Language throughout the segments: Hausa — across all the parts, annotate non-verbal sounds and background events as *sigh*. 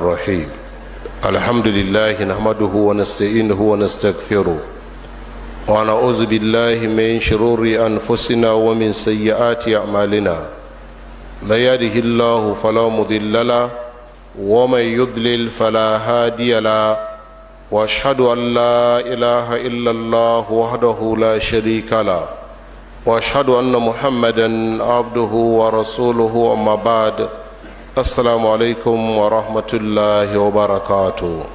الرحيم الحمد لله نحمده ونستعينه ونستغفره ونعوذ بالله من شرور انفسنا ومن سيئات اعمالنا من يهده الله فلا مضل له ومن يضلل فلا هادي له واشهد ان لا اله الا الله وحده لا شريك له واشهد ان محمدا عبده ورسوله اما بعد assalamu alaikum wa rahmatullahi wa barakatu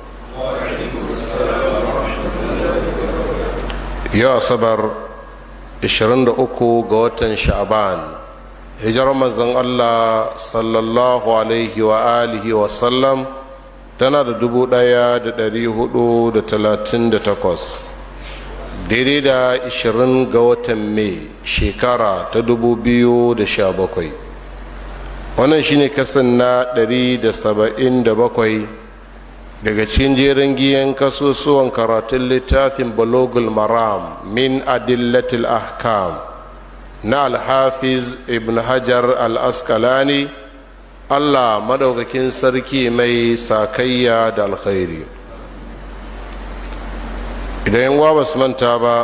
yau asabar 23 ga watan Shaban. hijirar mazan allah sallallahu alaihi wa alihi wa sallam tana da dubu daya da dari hudu da talatin da takwas daidai da 20 ga watan mai shekara ta dubu biyu da sha bakwai wannan shine kasan na 177 daga cikin jerin giyan kasusuwan karatun littafin balogul maram min adillatil ahkam na alhafiz ibn hajar al-askalani allah madaukakin sarki mai sakayya da alkhairi idan yan basu manta ba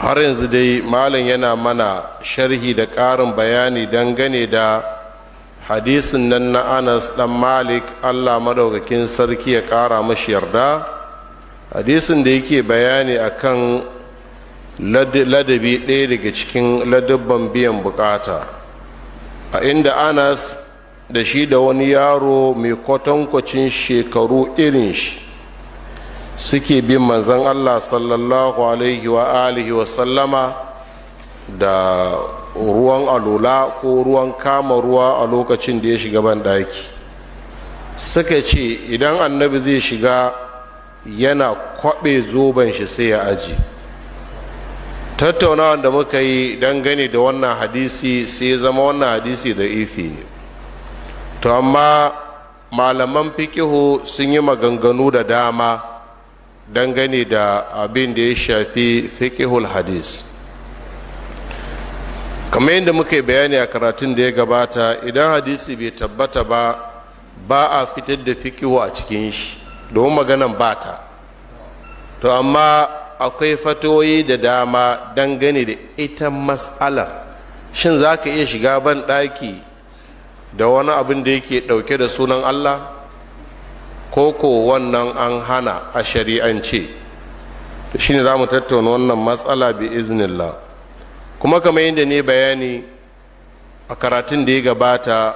har yanzu dai malam yana mana sharhi da ƙarin bayani dangane da hadisin nan na anas dan malik allah madaukakin sarki ya ƙara mashi yarda hadisin da yake bayani a kan ladabi ɗaya daga cikin ladabban biyan bukata a inda anas da shi da wani yaro mai kwatankwacin shekaru irin shi suke bin manzan allah sallallahu alaihi wa alihi wa sallama da ruwan alula ko ruwan kama ruwa a lokacin da ya shiga banɗaki suka ce idan annabi zai shiga yana kwaɓe zoben shi sai ya aji tattaunawa da muka yi dangane da wannan hadisi sai ya zama wannan hadisi da ifi ne to amma malaman fikihu sun yi maganganu da dama dangane da abin da ya shafi fiqhul hadis kamar yadda muka yi bayani a karatun da ya gabata idan hadisi bai tabbata ba ba a fitar da fiƙihu a cikin shi domin maganan ba ta to amma akwai fatoyi da dama dangane da ita matsalar shin za ka iya shiga ban ɗaki da wani abin da yake ɗauke da sunan allah koko wannan an hana a shari'ance shi ne za mu tattauna wannan matsala bi iznillah kuma kamar yadda ne bayani a karatun da ya gabata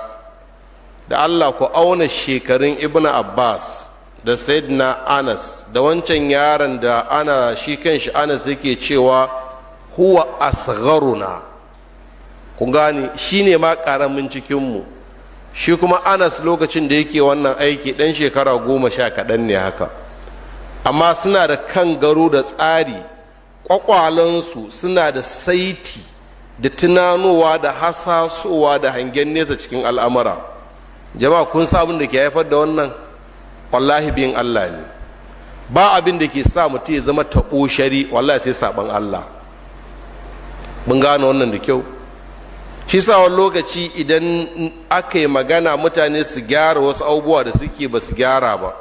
da allah ku auna shekarun ibn abbas da na anas da wancan yaron da ana shi kanshi anas yake cewa huwa asgharuna ku gane shi ne ma ƙaramin cikinmu shi kuma anas lokacin da yake wannan aiki ɗan shekara goma sha kaɗan ne haka amma suna da kan garo da tsari ƙwaƙwalansu suna da saiti da tunanowa da hasasowa da hangen nesa cikin al'amura jama'a kun sa abin da ke haifar da wannan wallahi bin allah ne ba abin da ke sa mutum ya zama taɓo shari wallahi sai saɓan allah mun gane wannan da kyau shi sa lokaci idan aka yi magana mutane su gyara wasu abubuwa da suke ba su gyara ba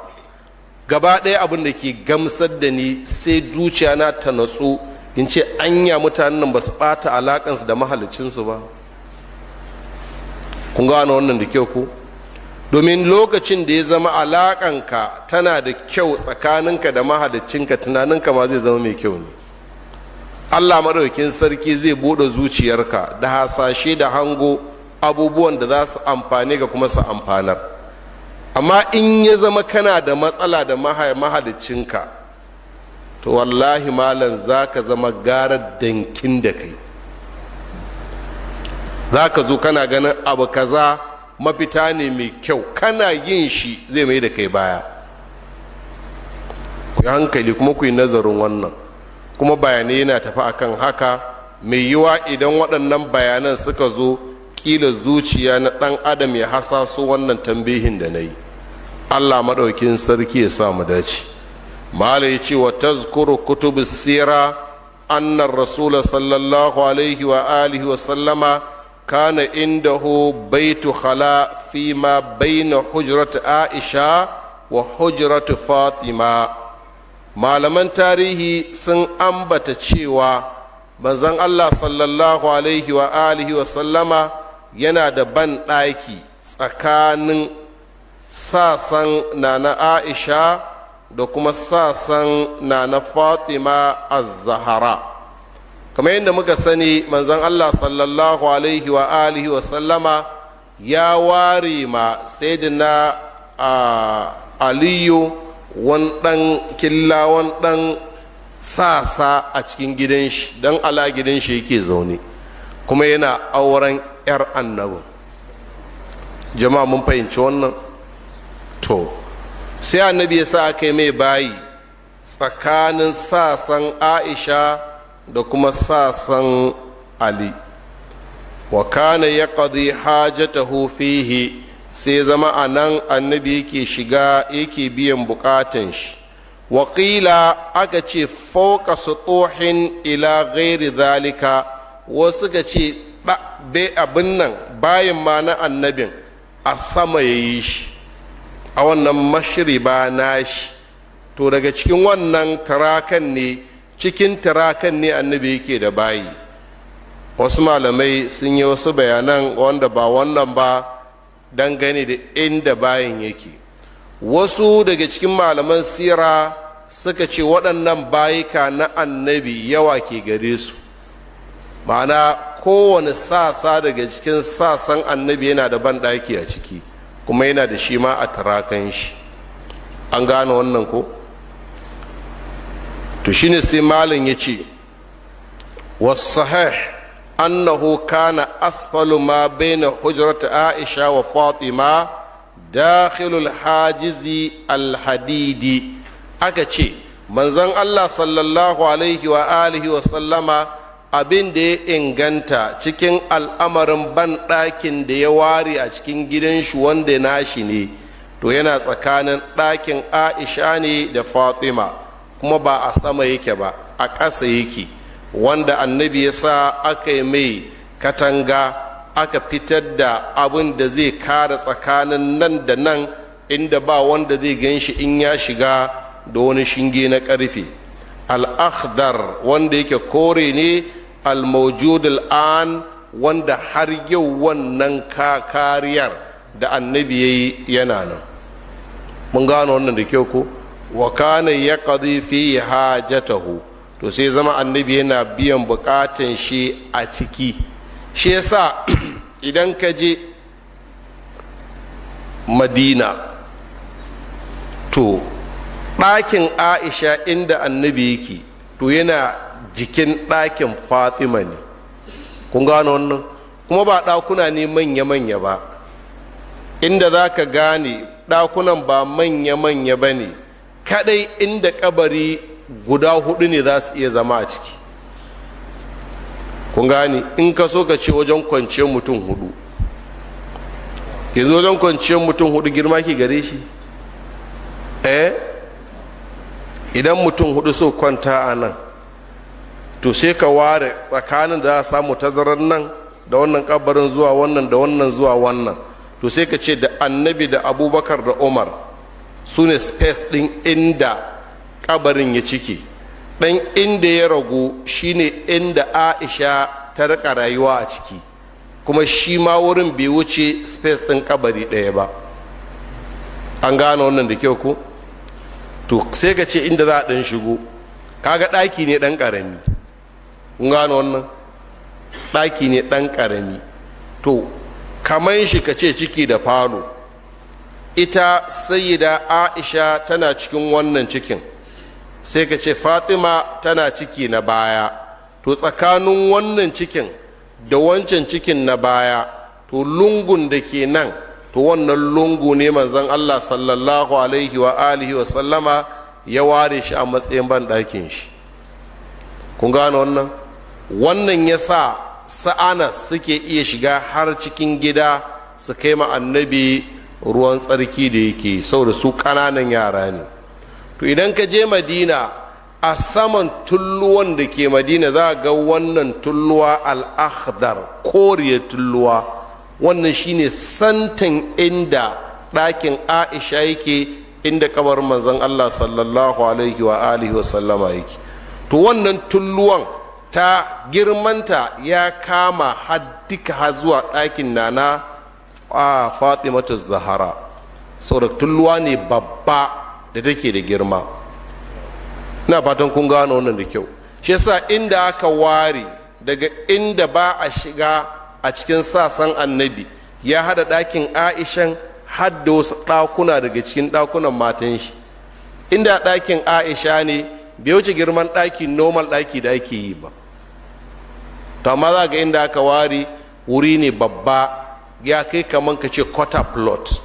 gaba ɗaya abin da ke gamsar da ni sai zuciya na ta natsu in ce anya mutanen nan ba su ɓata alaƙansu da mahalicinsu ba kun gano wannan da kyau ko domin lokacin da ya zama alaƙanka tana da kyau tsakaninka da mahalicinka tunaninka ma zai zama mai kyau ne allah maɗaukin sarki zai buɗe zuciyarka da hasashe da hango abubuwan da za su amfani ga kuma su amfanar amma in ya zama kana da matsala da mahalicinka to wallahi malam za ka zama gara dankin da kai za ka zo kana ganin abu kaza mafita ne mai kyau kana yin shi zai mai da kai baya ku yi hankali kuma ku yi nazarin wannan kuma bayanai yana tafi akan haka mai yiwa idan waɗannan bayanan suka zo ƙila zuciya na ɗan adam ya hasaso wannan tambihin da na yi allah maɗaukin sarki ya sa mu dace mala ya ce wa tazkuru kutubu sira annar rasula sallallahu alaihi wa alihi wa sallama kana hu baitu khala fi ma baina hujrat aisha wa hujrat fatima malaman tarihi sun ambata cewa banzan allah sallallahu alaihi wa alihi wa sallama yana da ban ɗaki tsakanin sasan na na aisha da kuma sasan na na fatima az-zahara kamar yadda muka sani manzon allah sallallahu alaihi wa alihi wa sallama ya ware ma sayyidina ah, aliyu wanɗan ɗan killa wanɗan ɗan sasa a cikin gidan shi don ala gidan shi yake zaune kuma yana auren 'yar annabin jama'a mun fahimci wannan to sai annabi ya sa aka yi mai bayi tsakanin sasan aisha da kuma sasan ali wa kana ya hajatahu fihi sai zama a nan annabi yake shiga yake biyan bukatan shi waƙila aka ce fauka su tsohin ila gairi zalika wasu ka ce bai abin nan bayan ma na annabin a sama ya yi shi a wannan mashiri ba na shi to daga cikin wannan tarakan ne cikin tarakan ne annabi yake da bayi wasu malamai sun yi wasu bayanan wanda ba wannan ba dangane da inda bayan yake wasu daga cikin malaman sira suka ce waɗannan bayika na annabi yawa ke gare su ma'ana kowane sasa daga cikin sasan annabi yana da banɗaki a ciki kuma yana da shi ma a tarakan shi an gane wannan ko to shine sai malam ya ce wasu sahih annahu kana asfalu ma baina hujrat aisha wa fatima dakhilul hajizi alhadidi aka ce manzon Allah sallallahu alaihi wa alihi wa sallama abin da ya inganta cikin al'amarin banɗakin da ya ware a cikin gidan shi wanda nashi ne to yana tsakanin ɗakin aisha ne da fatima kuma ba a sama yake ba a ƙasa yake wanda annabi ya sa aka yi mai katanga aka fitar da abin da zai kara tsakanin nan da nan inda ba wanda zai gan shi in ya shiga da wani shinge na ƙarfe Al'ahdar wanda yake kore ne al an wanda har yau wannan kariyar da annabi ya yi yana nan mun gano wannan da kyau ko wa kana ya fi hajatahu to sai zama annabi yana biyan bukatan shi a ciki shi yasa *clears throat* idan ka je madina to ɗakin aisha inda annabi yake to yana jikin ɗakin fatima ne kun gano wannan kuma ba ɗakuna ne manya-manya ba inda za ka gane ɗakunan ba manya-manya ba ne kaɗai inda kabari guda hudu ne za su iya zama a ciki kun gani in ka so ka ce wajen kwanciyar mutum hudu yanzu wajen kwanciyar mutum hudu girma ke gare shi eh idan mutum hudu so kwanta a nan to sai ka ware tsakanin da za a samu tazarar nan da wannan kabarin zuwa wannan da wannan zuwa wannan to sai ka ce da annabi da abubakar da umar su ne space ɗin inda kabarin ya cike ɗan inda ya ragu shine inda aisha ta rika rayuwa a ciki kuma shi ma wurin bai wuce space ɗin kabari ɗaya ba an gane wannan da kyau ko to sai ka ce inda za a ɗan shigo kaga ɗaki ne ɗan ƙarami kun gane wannan ɗaki ne ɗan ƙarami to kamar shi ka ce ciki da falo ita sayida aisha tana cikin wannan cikin sai ka ce fatima tana ciki na baya to tsakanin wannan cikin da wancan cikin na baya to lungun da ke nan to wannan lungu ne manzon allah sallallahu alaihi wa alihi wa sallama ya ware shi a matsayin ban ɗakin shi kun gane wannan wannan ya sa sa'ana suke iya shiga har cikin gida su kai ma annabi ruwan tsarki da yake saboda su ƙananan yara ne to idan ka je madina a saman tulluwan da ke madina za ga wannan tulluwa al'akhdar koriya tulluwa wannan shine santan inda ɗakin aisha yake inda kabar manzon allah sallallahu alaihi wa alihi wasallama yake to wannan tulluwan ta girmanta ya kama haddika har zuwa ɗakin nana a fatimatu zahara tulluwa ne babba da take da girma ina fatan kun gano wannan da kyau shi yasa inda aka ware daga inda ba a shiga a cikin sasan annabi ya hada ɗakin aishan hadda wasu ɗakuna daga cikin ɗakunan matan shi inda ɗakin aisha ne bai wuce girman ɗaki normal ɗaki da ake yi ba to amma za ga inda aka ware wuri ne babba ya kai kamar ka ce quarter plot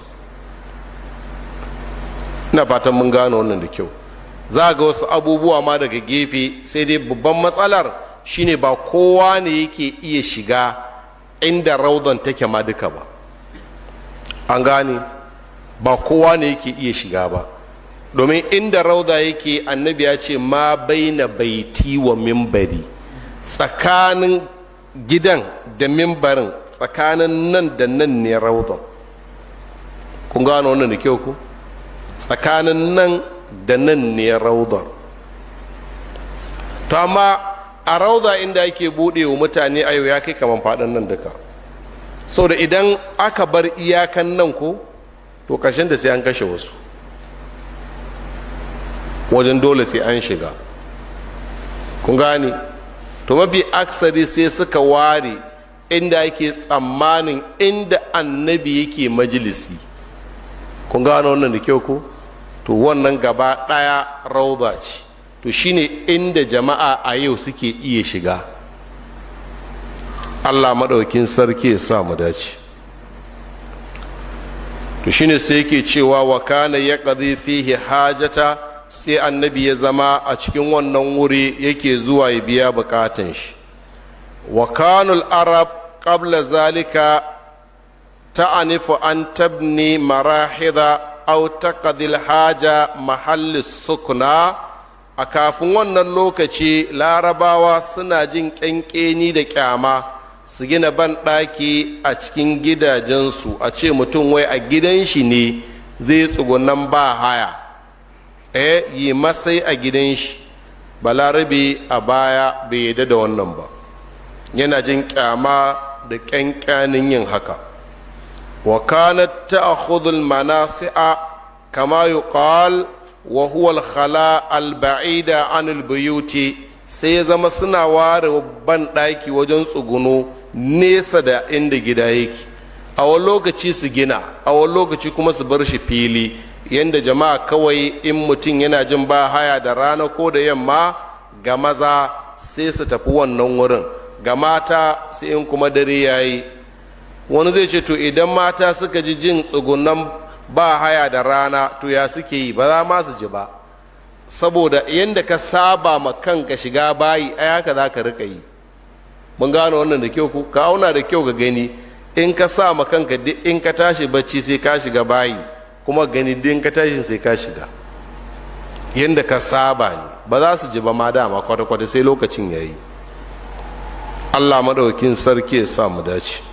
ina fatan mun gano wannan da kyau za ga wasu abubuwa ma daga gefe sai dai babban matsalar shine ba kowa ne yake iya shiga inda raudon take ma duka ba an gane ba kowa ne yake iya shiga ba domin inda rauda yake annabi ya ce ma baina baiti wa mimbari tsakanin gidan da mimbarin tsakanin nan da nan ne raudon kun gano wannan da kyau ku tsakanin nan da nan ne raudar to amma a rauda inda ake buɗe wa mutane ayo ya kai kamar faɗin nan duka sau da idan aka bar iyakan nan ko to ƙarshen da sai an kashe wasu wajen dole sai an shiga kun gane to mafi aksari sai suka ware inda yake tsammanin inda annabi yake majalisi kun gano wannan da kyau ku to wannan gaba ɗaya rauba ce to shine inda jama'a a yau suke iya shiga allah maɗaukin sarki ya sa mu dace to shine sai yake cewa wa kana ya fihi hajata sai annabi ya zama a cikin wannan wuri yake zuwa ya biya bukatan shi wa kanul arab ƙabla zalika تعنف أن تبني marahida au تقضي haja محل السكنى a kafin wannan lokaci larabawa suna jin ƙyanƙeni da ƙyama su gina banɗaki a cikin gidajensu a ce mutum wai a gidan shi ne zai tsugunan ba haya e yi masai a gidan shi balarabe a baya bai yadda da wannan ba yana jin kyama da ƙyanƙyanin yin haka wa kanat ta'khudhu al-manasi'a kama yuqal wa huwa al sai ya zama suna ware ban ɗaki wajen tsuguno nesa da inda gida yake a wani lokaci su gina a wani lokaci kuma su bar shi fili yadda jama'a kawai in mutum yana jin ba haya da rana ko da yamma ga maza sai su tafi wannan wurin ga mata sai in kuma dare yayi wani zai ce to idan mata suka ji jin tsugunan ba haya da rana to ya suke yi ba za ma su ji ba saboda yadda ka saba ma kanka shiga bayi ai haka za ka rika yi mun gano wannan da kyau ka auna da kyau ga gani in ka sa ma kanka duk in ka tashi bacci sai ka shiga bayi kuma gani duk in ka tashi sai ka shiga yadda ka saba ne ba za su ji ba ma dama kwata-kwata sai lokacin ya yi allah maɗaukin sarki ya sa mu dace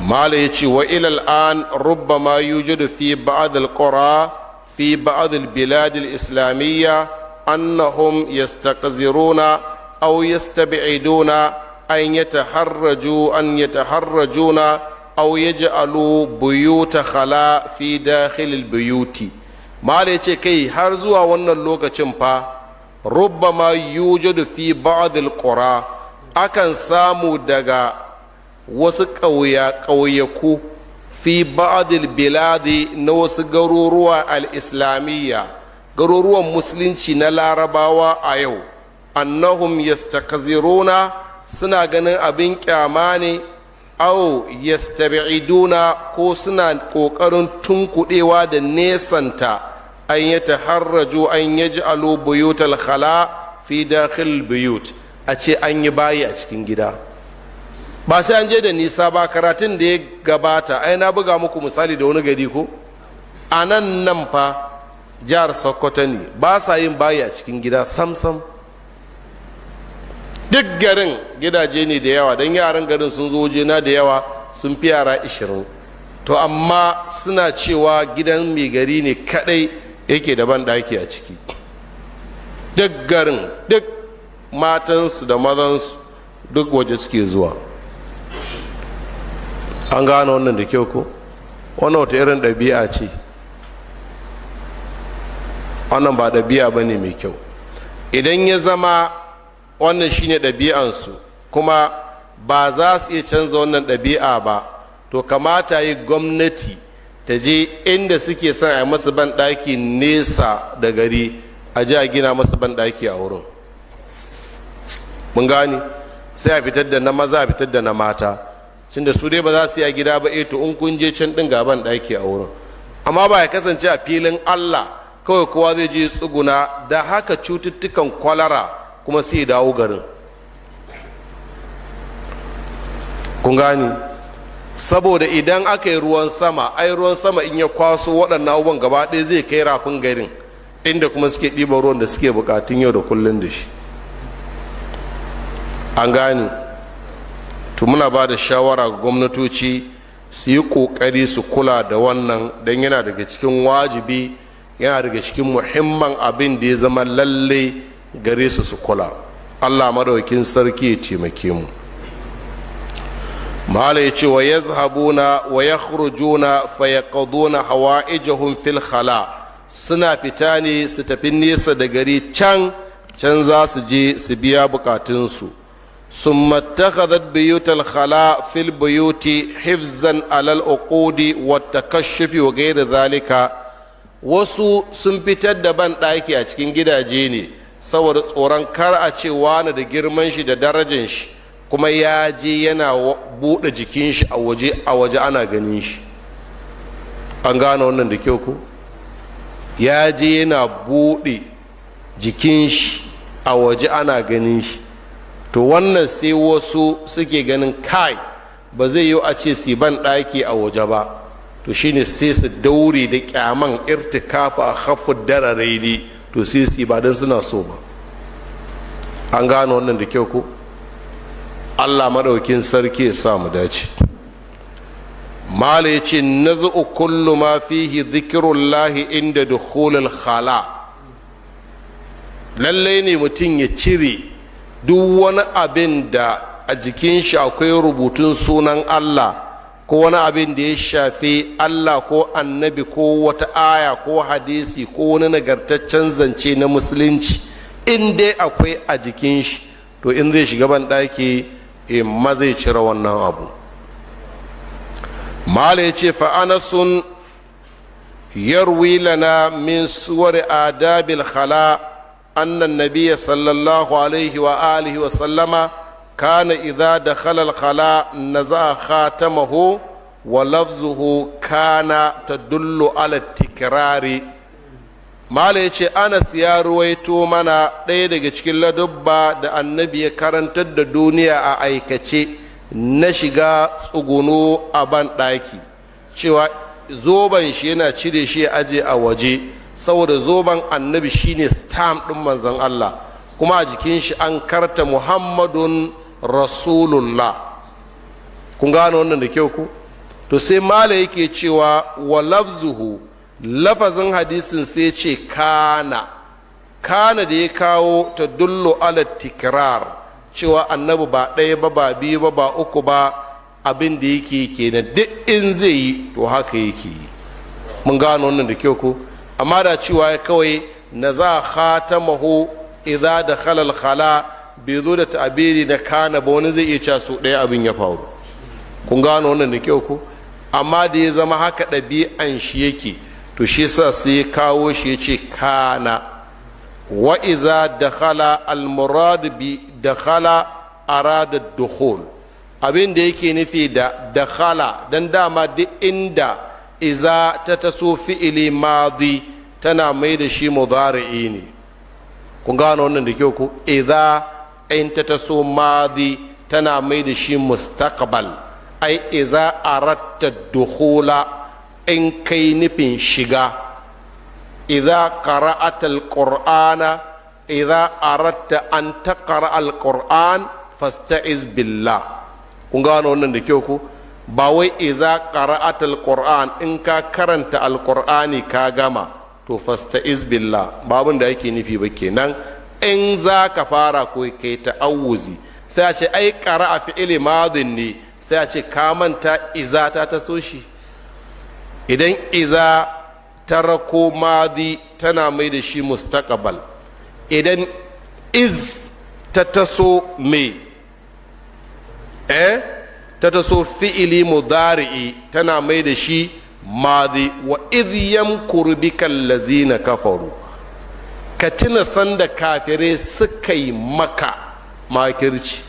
mala ya ce wa ilal an rubba ma yujadu fi ba'd qura fi ba'd al islamiyya annahum yastaqziruna aw yastabi'iduna an yataharraju an yataharrajuna aw yaj'alu buyuta khala fi dakhil buyuti mala ya ce kai har zuwa wannan lokacin fa rubba ma yujadu fi ba'd qura akan samu daga wasu ƙauya ƙauyaku fi ba'adil biladi na wasu garuruwa al garuruwan musulunci na larabawa a yau annahum yastakaziruna suna ganin abin kyama ne au yastabiduna ko suna ƙoƙarin tunkuɗewa da nesanta an yi taharraju an yaji buyutal khala fi dakhil buyut a ce an yi bayi a cikin gida ba sai an je da nisa ba karatun da ya gabata ai na buga muku misali da wani gari ko a nan nan fa jihar sokoto ne ba sa yin bayi a cikin gida samsam duk garin gidaje ne da yawa don yaran garin sun zo na da yawa sun fi yara ishirin to amma suna cewa gidan mai gari ne kadai yake da ban a ciki duk garin duk matansu da mazansu duk waje suke zuwa an gane wannan da kyau ko wannan wata irin ɗabi'a ce wannan ba ɗabi'a ba ne mai kyau idan ya zama wannan shi ne ɗabi'ansu kuma ba za su iya canza wannan ɗabi'a ba to kamata yi gwamnati ta je inda suke son a yi masu banɗaki nesa da gari a ji a gina masu banɗaki a wurin mun gani sai a fitar da na maza a fitar da na mata tunda su dai ba za su yi a gida ba eh to in kun je can din gaban ɗaki a wurin amma ba ya kasance a filin Allah kawai kowa zai je tsuguna da haka cututtukan kwalara kuma sai ya dawo garin kun gani saboda idan aka yi ruwan sama ai ruwan sama in ya kwaso waɗannan abubuwan gaba ɗaya zai kai rafin garin inda kuma suke ɗiba ruwan da suke buƙatun yau da kullum da shi an gane to muna ba da shawara ga gwamnatoci su yi ƙoƙari su kula da wannan don yana daga cikin wajibi yana daga cikin muhimman abin da ya zama lalle gare su su kula allah madaukin sarki ya taimake mu mahala ya ce wa ya zahabuna wa ya khurujuna fa hawa ijahun fil suna fita ne su tafi nesa da gari can can za su je su biya bukatunsu ثم اتخذت بيوت الخلاء في البيوت حفظا على العقود والتكشف وغير ذلك wasu sun fitar da ban ɗaki a cikin gidaje ne saboda tsoron kar a ce wani da girman shi da darajin shi kuma ya je yana buɗe jikin shi a waje a waje ana ganin shi an gane wannan da kyau ko ya je yana buɗe jikin shi a waje ana ganin shi to wannan sai wasu suke ganin kai ba zai yi a ce si ɗaki a waje ba to shi ne sai su daure da kyaman irtikafa a hafu darare to sai su ba don suna so ba an gano wannan da kyau ko allah maɗaukin sarki ya sa mu dace mala ya ce nazu kullu ma fihi zikirullahi inda dukhulul hala. lallai ne mutum ya cire duk wani abin da a jikin shi akwai rubutun sunan allah ko wani abin da ya shafi allah ko annabi ko wata aya ko hadisi ko wani nagartaccen zance na musulunci in dai akwai a jikin shi to in zai shiga ban ɗaki eh, ma zai cire wannan abu mala ya ce fa'anasun yarwi lana min suwar adabil khala' annan nabiya sallallahu alaihi wa alihi wa sallama kana idza dakhala al-khala naza khatamahu wa lafzuhu kana tadullu ala tikrari mala yace Anas ya ruwaito mana ɗaya daga cikin ladubba da annabi ya karantar da duniya a aikace na shiga tsuguno a ban cewa zoban shi yana cire shi aje a waje saboda zoben annabi shine stam ɗin manzan Allah kuma a jikin shi an karta muhammadun rasulullah kun gano wannan da kyau ku to sai mala yake cewa wa lafzuhu lafazin hadisin sai ce kana kana da ya kawo ta dullo ala tikrar cewa annabi ba ɗaya ba ba biyu ba ba uku ba abin da yake kenan duk in zai yi to haka yake yi mun gano wannan da kyau ku? amma da cewa ya kawai na za a maho idza da khalal khala bai zo da ta'abiri na kana ba wani zai iya cewa su ɗaya abin ya faru kun gano wannan da kyau ko amma da ya zama haka ɗabi'an shi yake to shi sa sai kawo shi ya ce kana wa iza khala al-murad bi khala arada dukhul abin da yake nufi da khala dan dama duk inda iza ta taso fi'ili madi tana mai da shi mudari'i ne kun gano wannan da kyau ku iza in ta taso madi tana mai da shi mustaqbal ai iza aratta dukhula in kai nufin shiga iza qara'ata alqur'ana iza aratta an taqra alqur'an fasta'iz billah kun gano wannan da kyau ku ba wai iza qara'atul qur'an in ka karanta alqur'ani ka gama to fasta'iz billah babun da yake nufi ba kenan in za ka fara ko kai ta'awuzi sai a ce ai qara'a fi'li madin ne sai a ce ka manta iza ta taso shi idan iza ta rako madi tana mai da shi mustaqbal idan iz ta taso me eh ta taso fi'ili mudari'i tana mai da shi madi wa kurbi kan lazina kafaru ka tuna sanda kafirai suka yi maka makirci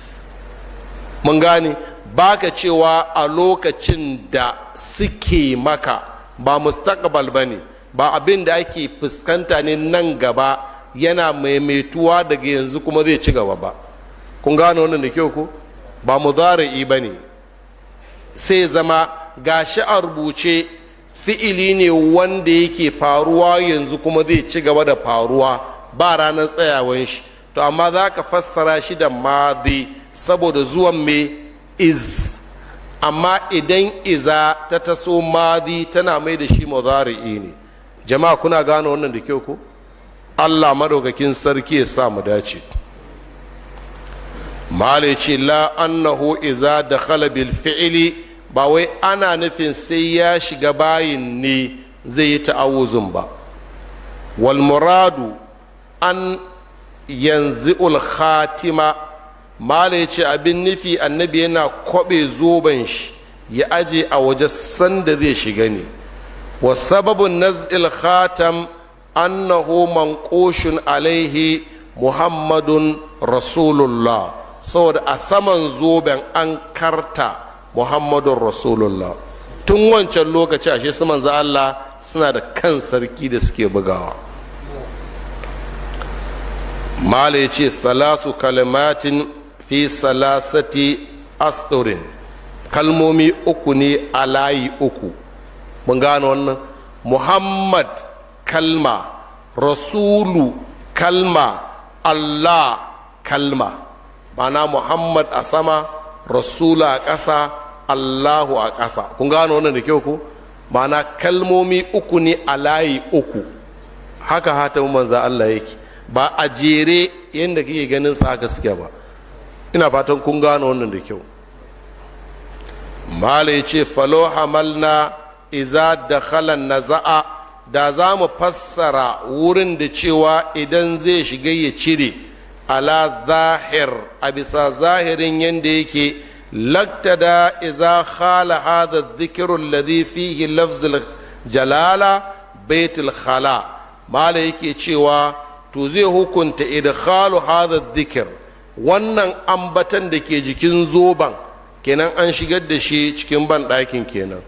mun gane baka cewa a lokacin da suke maka ba mustaqbal ba ne ba abin da ake fuskanta ne nan gaba yana maimaituwa daga yanzu kuma zai ci gaba ba kun gane wannan da kyau ko ba mu zara ba ne sai zama gashi a rubuce fi'ili ne wanda yake faruwa yanzu kuma zai ci gaba da faruwa ba ranar tsayawan shi to amma za ka fassara shi da madi saboda zuwan mai iz amma idan iza ta taso madi tana mai da shi mazari'i ne jama'a kuna gane wannan da kyau ko allah madaukakin sarki ya sa mu dace malici la annahu iza da bil fi'ili ba wai ana nufin sai ya shiga bayin ne zai yi ta'awuzun ba wal muradu an yanzu khatima mala ya ce abin nufi annabi yana kwabe zoben shi ya aje a waje sanda zai shiga ne wa sababin naz'il khatam annahu manqoshun alaihi muhammadun rasulullah saboda a saman zoben an karta muhammadun rasulullah tun wancan lokaci ashe su manzo allah suna da kan sarki da suke bugawa mala ya ce salasu kalimatin fi salasati asturin kalmomi uku ne a layi uku mun gano wannan muhammad kalma rasulu kalma allah kalma mana muhammad a sama rasula a ƙasa allahu a ƙasa kun gano wannan da kyau ku ma'ana kalmomi uku ne a layi uku haka hatamin manza allah yake ba a jere yadda kike ganin sa haka suke ba ina fatan kun gano wannan da kyau mala ya ce falo hamalna iza da khalan na za'a da za mu fassara wurin da cewa idan zai shiga ya cire ala zahir a bisa zahirin yadda yake laktada iza khala hadha dhikru alladhi fihi lafzul jalala baitul khala mala yake cewa to zai hukunta idkhalu hadha wannan ambatan da ke jikin zoban kenan an shigar da shi cikin ban ɗakin kenan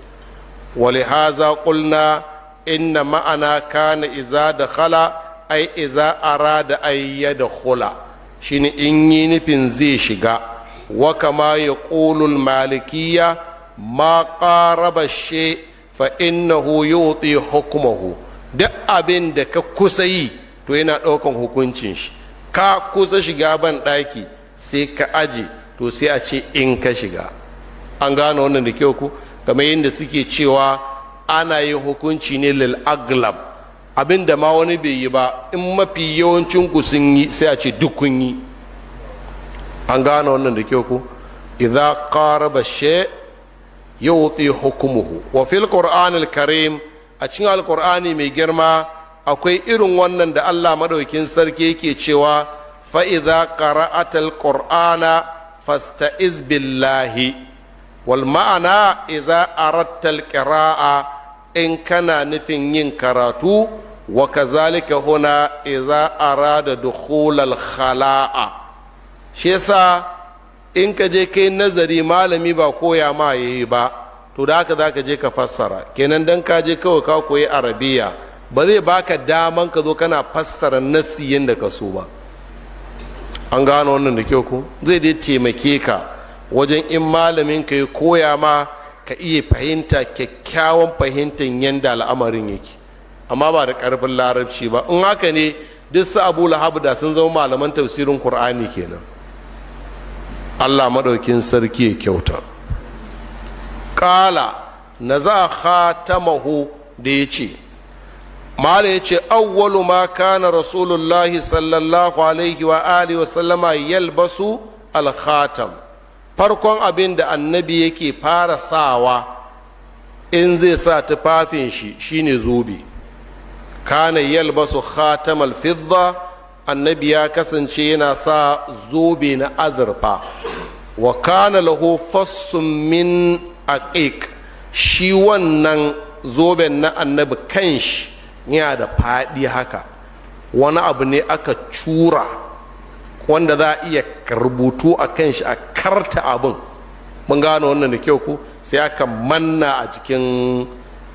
walihaza ƙulna inna ma'ana kana iza da khala ai iza arada da ya da khula shine in yi nufin zai shiga wa kama ya ƙulul malikiya ma ƙaraba she fa hukumahu duk abin da ka kusa yi to yana ɗaukan hukuncin shi ka kusa shiga ban ɗaki sai ka aje to sai a ce in ka shiga an gane wannan da kyau ku kamar yadda suke cewa ana yin hukunci ne lil aglab abin da ma wani bai yi ba in mafi yawancin ku sun yi sai a ce duk kun yi an gane wannan da kyau ku idza qaraba shay yuti hukmuhu wa fil qur'anil karim a cikin alqur'ani mai girma akwai irin wannan da Allah madaukin sarki yake cewa fa idza qara'atal qur'ana fasta'iz billahi wal ma'ana idza aradtal qira'a in kana nufin yin karatu wa kazalika huna idza arada dukhulal khala'a shi yasa in ka je kai nazari malami ba koya ma ya yi ba to da haka za ka je ka fassara kenan dan ka je kawai ka koyi arabiya ba zai baka daman ka zo kana fassara nasi yadda ka so ba an gano wannan da kyau ko zai dai taimake ka wajen in malamin ka yi koya ma ka iya fahimta kyakkyawan fahimtar yadda al'amarin yake amma ba da ƙarfin larabci ba in haka ne duk su abu lahabu da sun zama malaman tafsirin qur'ani kenan allah maɗaukin sarki ya kyauta ƙala na za khatamahu da ya ce mala ya ce awwalu ma kana rasulullahi sallallahu alaihi wa alihi wasallama yalbasu alkhatam farkon abin da annabi yake fara sawa in zai sa tufafin shi shine zobe kana yalbasu khatamal fidda annabi ya kasance yana sa zobe na azurfa wa kana lahu fassun min aqiq shi wannan zoben na annabi kanshi yana da faɗi haka wani abu ne aka cura wanda za a iya rubutu a kanshi a karta abin mun gano wannan da kyau ko sai aka manna a cikin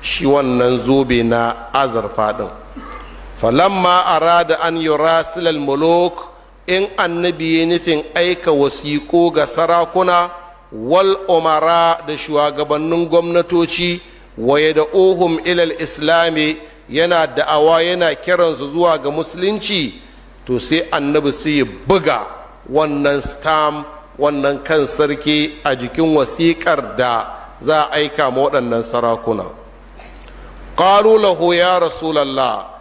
shi wannan zobe na azurfa ɗin falamma arada an yurasil al-muluk in annabi ya nufin aika wasiƙo ga sarakuna wal umara da shugabannin gwamnatoci waye da ohun ilal islami yana da'awa yana kiransu zuwa ga musulunci to sai annabi su yi buga wannan stam wannan kan sarki a jikin wasiƙar da za a aika ma waɗannan sarakuna ƙaru lahu ya rasulallah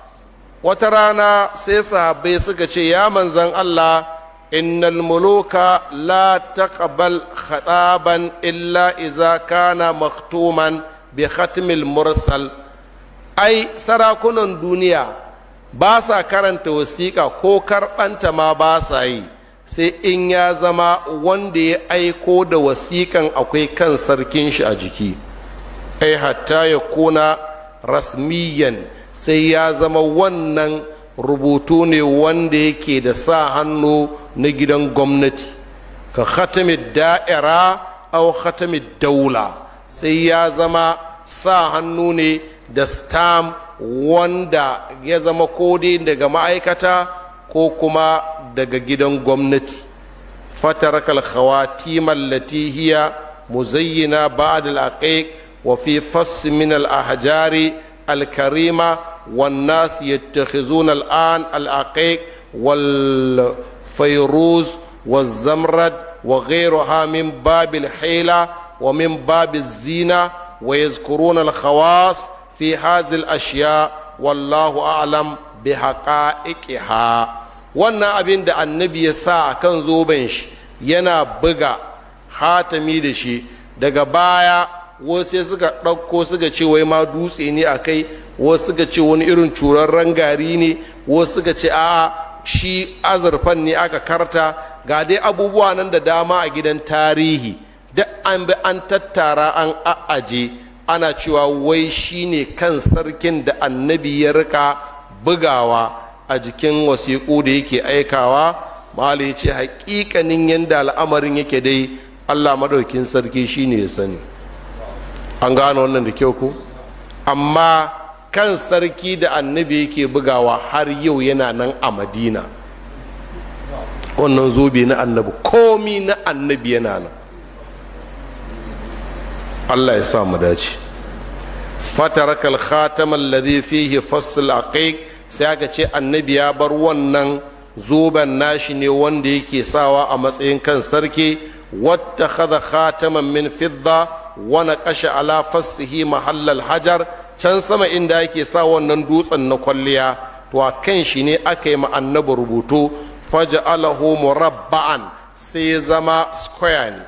wata rana sai sahabbai suka ce ya manzan Allah innal muluka la taqbal khataban illa iza kana maktuman bi khatmil mursal ai sarakunan duniya ba sa karanta wasiƙa ko karɓanta ma ba sa yi sai in ya zama wanda ya aiko da wasiƙan akwai kan sarkin shi a jiki ai hatta ya kuna rasmiyan sai ya zama wannan rubutu ne wanda yake da sa hannu na gidan gwamnati ka khatami da'ira au khatami daula sai ya zama sa hannu ne da stam wanda ya zama kodi daga ma'aikata ko kuma daga gidan gwamnati fatar kalkawa allati hiya mu ba'd al wa fi fassiminal min al الكريمة والناس يتخذون الآن العقيق والفيروز والزمرد وغيرها من باب الحيلة ومن باب الزينة ويذكرون الخواص في هذه الأشياء والله أعلم بحقائقها wannan abin da annabi ya sa a kan zoben shi yana buga hatami da shi daga baya wasu suka ɗauko suka ce wai ma dutse ne a kai wasu suka ce wani irin curarren gari ne wasu suka ce a shi azurfan ne aka karta ga dai abubuwa nan da dama a gidan tarihi duk an bi an tattara an a'aje ana cewa wai shi ne kan sarkin da annabi ya rika bugawa a jikin wasiƙu da yake aikawa mali ce hakikanin yadda al'amarin yake dai allah maɗaukin sarki shine ya sani an gano wannan da kyau ko amma kan sarki da annabi yake bugawa har yau yana nan a madina wannan zobe na annabi komi na annabi yana nan allah ya sa mu dace fataraka al-khatam fihi fasl aqiq sai aka ce annabi ya bar wannan zoben nashi ne wanda yake sawa a matsayin kan sarki wata khataman min fidda wana kasha ala fassihi mahallal hajar can sama inda yake sa wannan dutsen na kwalliya to a kan shi ne aka yi annabi rubutu faja alahu murabba'an sai zama square ne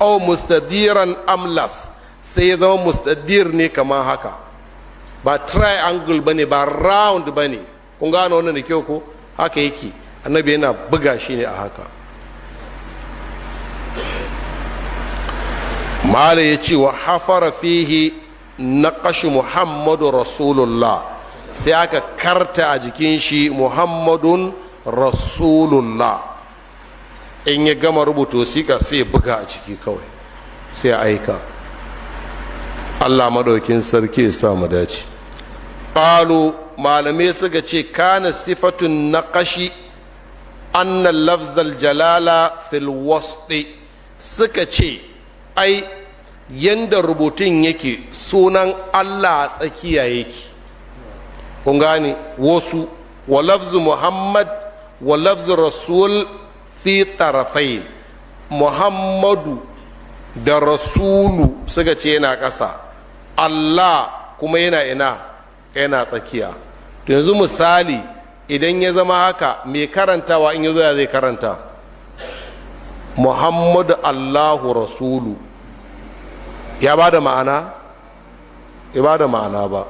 au mustadiran amlas sai zama mustadir ne kamar haka ba triangle bane ba round bane kun gano wannan da kyau ko haka yake annabi yana buga shi ne a haka mala ya ce wa hafara fihi na kashi muhammadu rasulullah sai aka karta a jikin shi muhammadun rasulullah in ya gama rubuta sika sai buga a ciki kawai sai aika allah maɗaukin sarki ya sa mu dace ƙalu malamai suka ce kana sifatun na kashi annan lafzal jalala fil suka ce ai yanda rubutun yake sunan allah tsakiya yake kun gane wasu wa lafzu muhammad wa lafzu rasul fi tarafai muhammadu da rasulu suka ce yana ƙasa allah kuma yana ina yana tsakiya to yanzu misali idan ya zama haka mai karantawa in ya ya zai karanta muhammadu allahu rasulu ya ba da ma'ana ya ba da ma'ana ba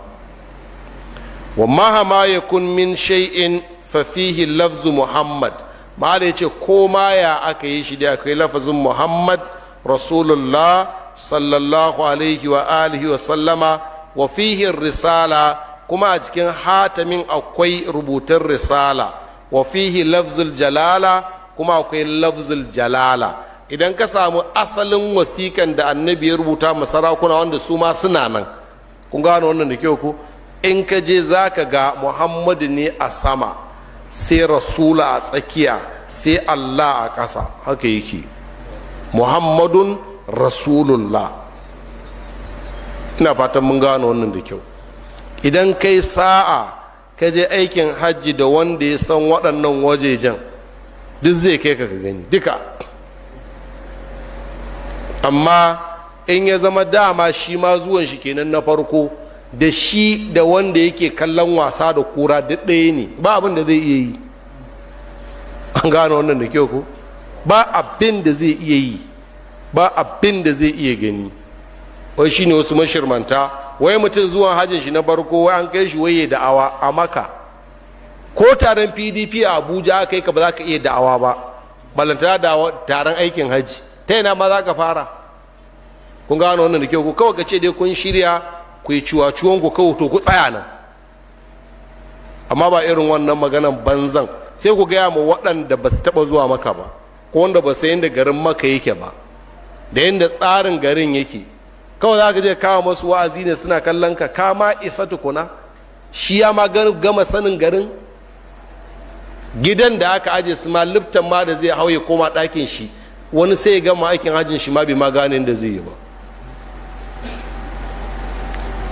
wa ma ya kun min shay'in fafihi lafzu muhammad da ya ce ko ma ya aka yi shi da akwai lafazin muhammad rasulullah sallallahu alaihi wa alihi wa sallama wa fihi risala kuma a cikin hatamin akwai rubutun risala wa fihi lafzul jalala kuma akwai lafzul jalala idan ka samu asalin wasikan da annabi ya rubuta ma sarakuna wanda su ma suna nan kun gano wannan da kyau ku in ka je za ka ga muhammadu ne a sama sai rasula a tsakiya sai allah a ƙasa haka yake muhammadun rasulullah ina fatan mun gano wannan da kyau idan kai sa'a ka je aikin hajji da wanda ya san waɗannan wajejen duk zai kai ka gani duka amma in ya zama dama shi ma zuwan shi kenan na farko da shi da wanda yake kallon wasa da kura duk ɗaya ne ba abin da zai iya yi an gano wannan da kyau ko ba abin da zai iya yi ba abin da zai iya gani wai shine wasu mashirmanta wai mutum zuwan hajjin shi na farko wai an kai shi waye da'awa a maka ko taron pdp a abuja aka yi ka ba za ka iya da'awa ba da taron aikin hajji ta yana ma za ka fara kun gano wannan da kyau ku kawai ka ce dai kun shirya ku yi ciwaciwon ku kawai to ku tsaya nan amma ba irin wannan maganan banzan sai ku gaya ma waɗanda ba su taɓa zuwa maka ba ko wanda ba yi da garin maka yake ba da yadda tsarin garin yake kawai za ka je kawo masu wa'azi ne suna kallon ka ka ma isa tukuna shi ya ma gama sanin garin gidan da aka aje su ma liftan ma da zai hau ya koma ɗakin shi wani sai ya gama aikin hajjin shi ma bai ma gane da zai yi ba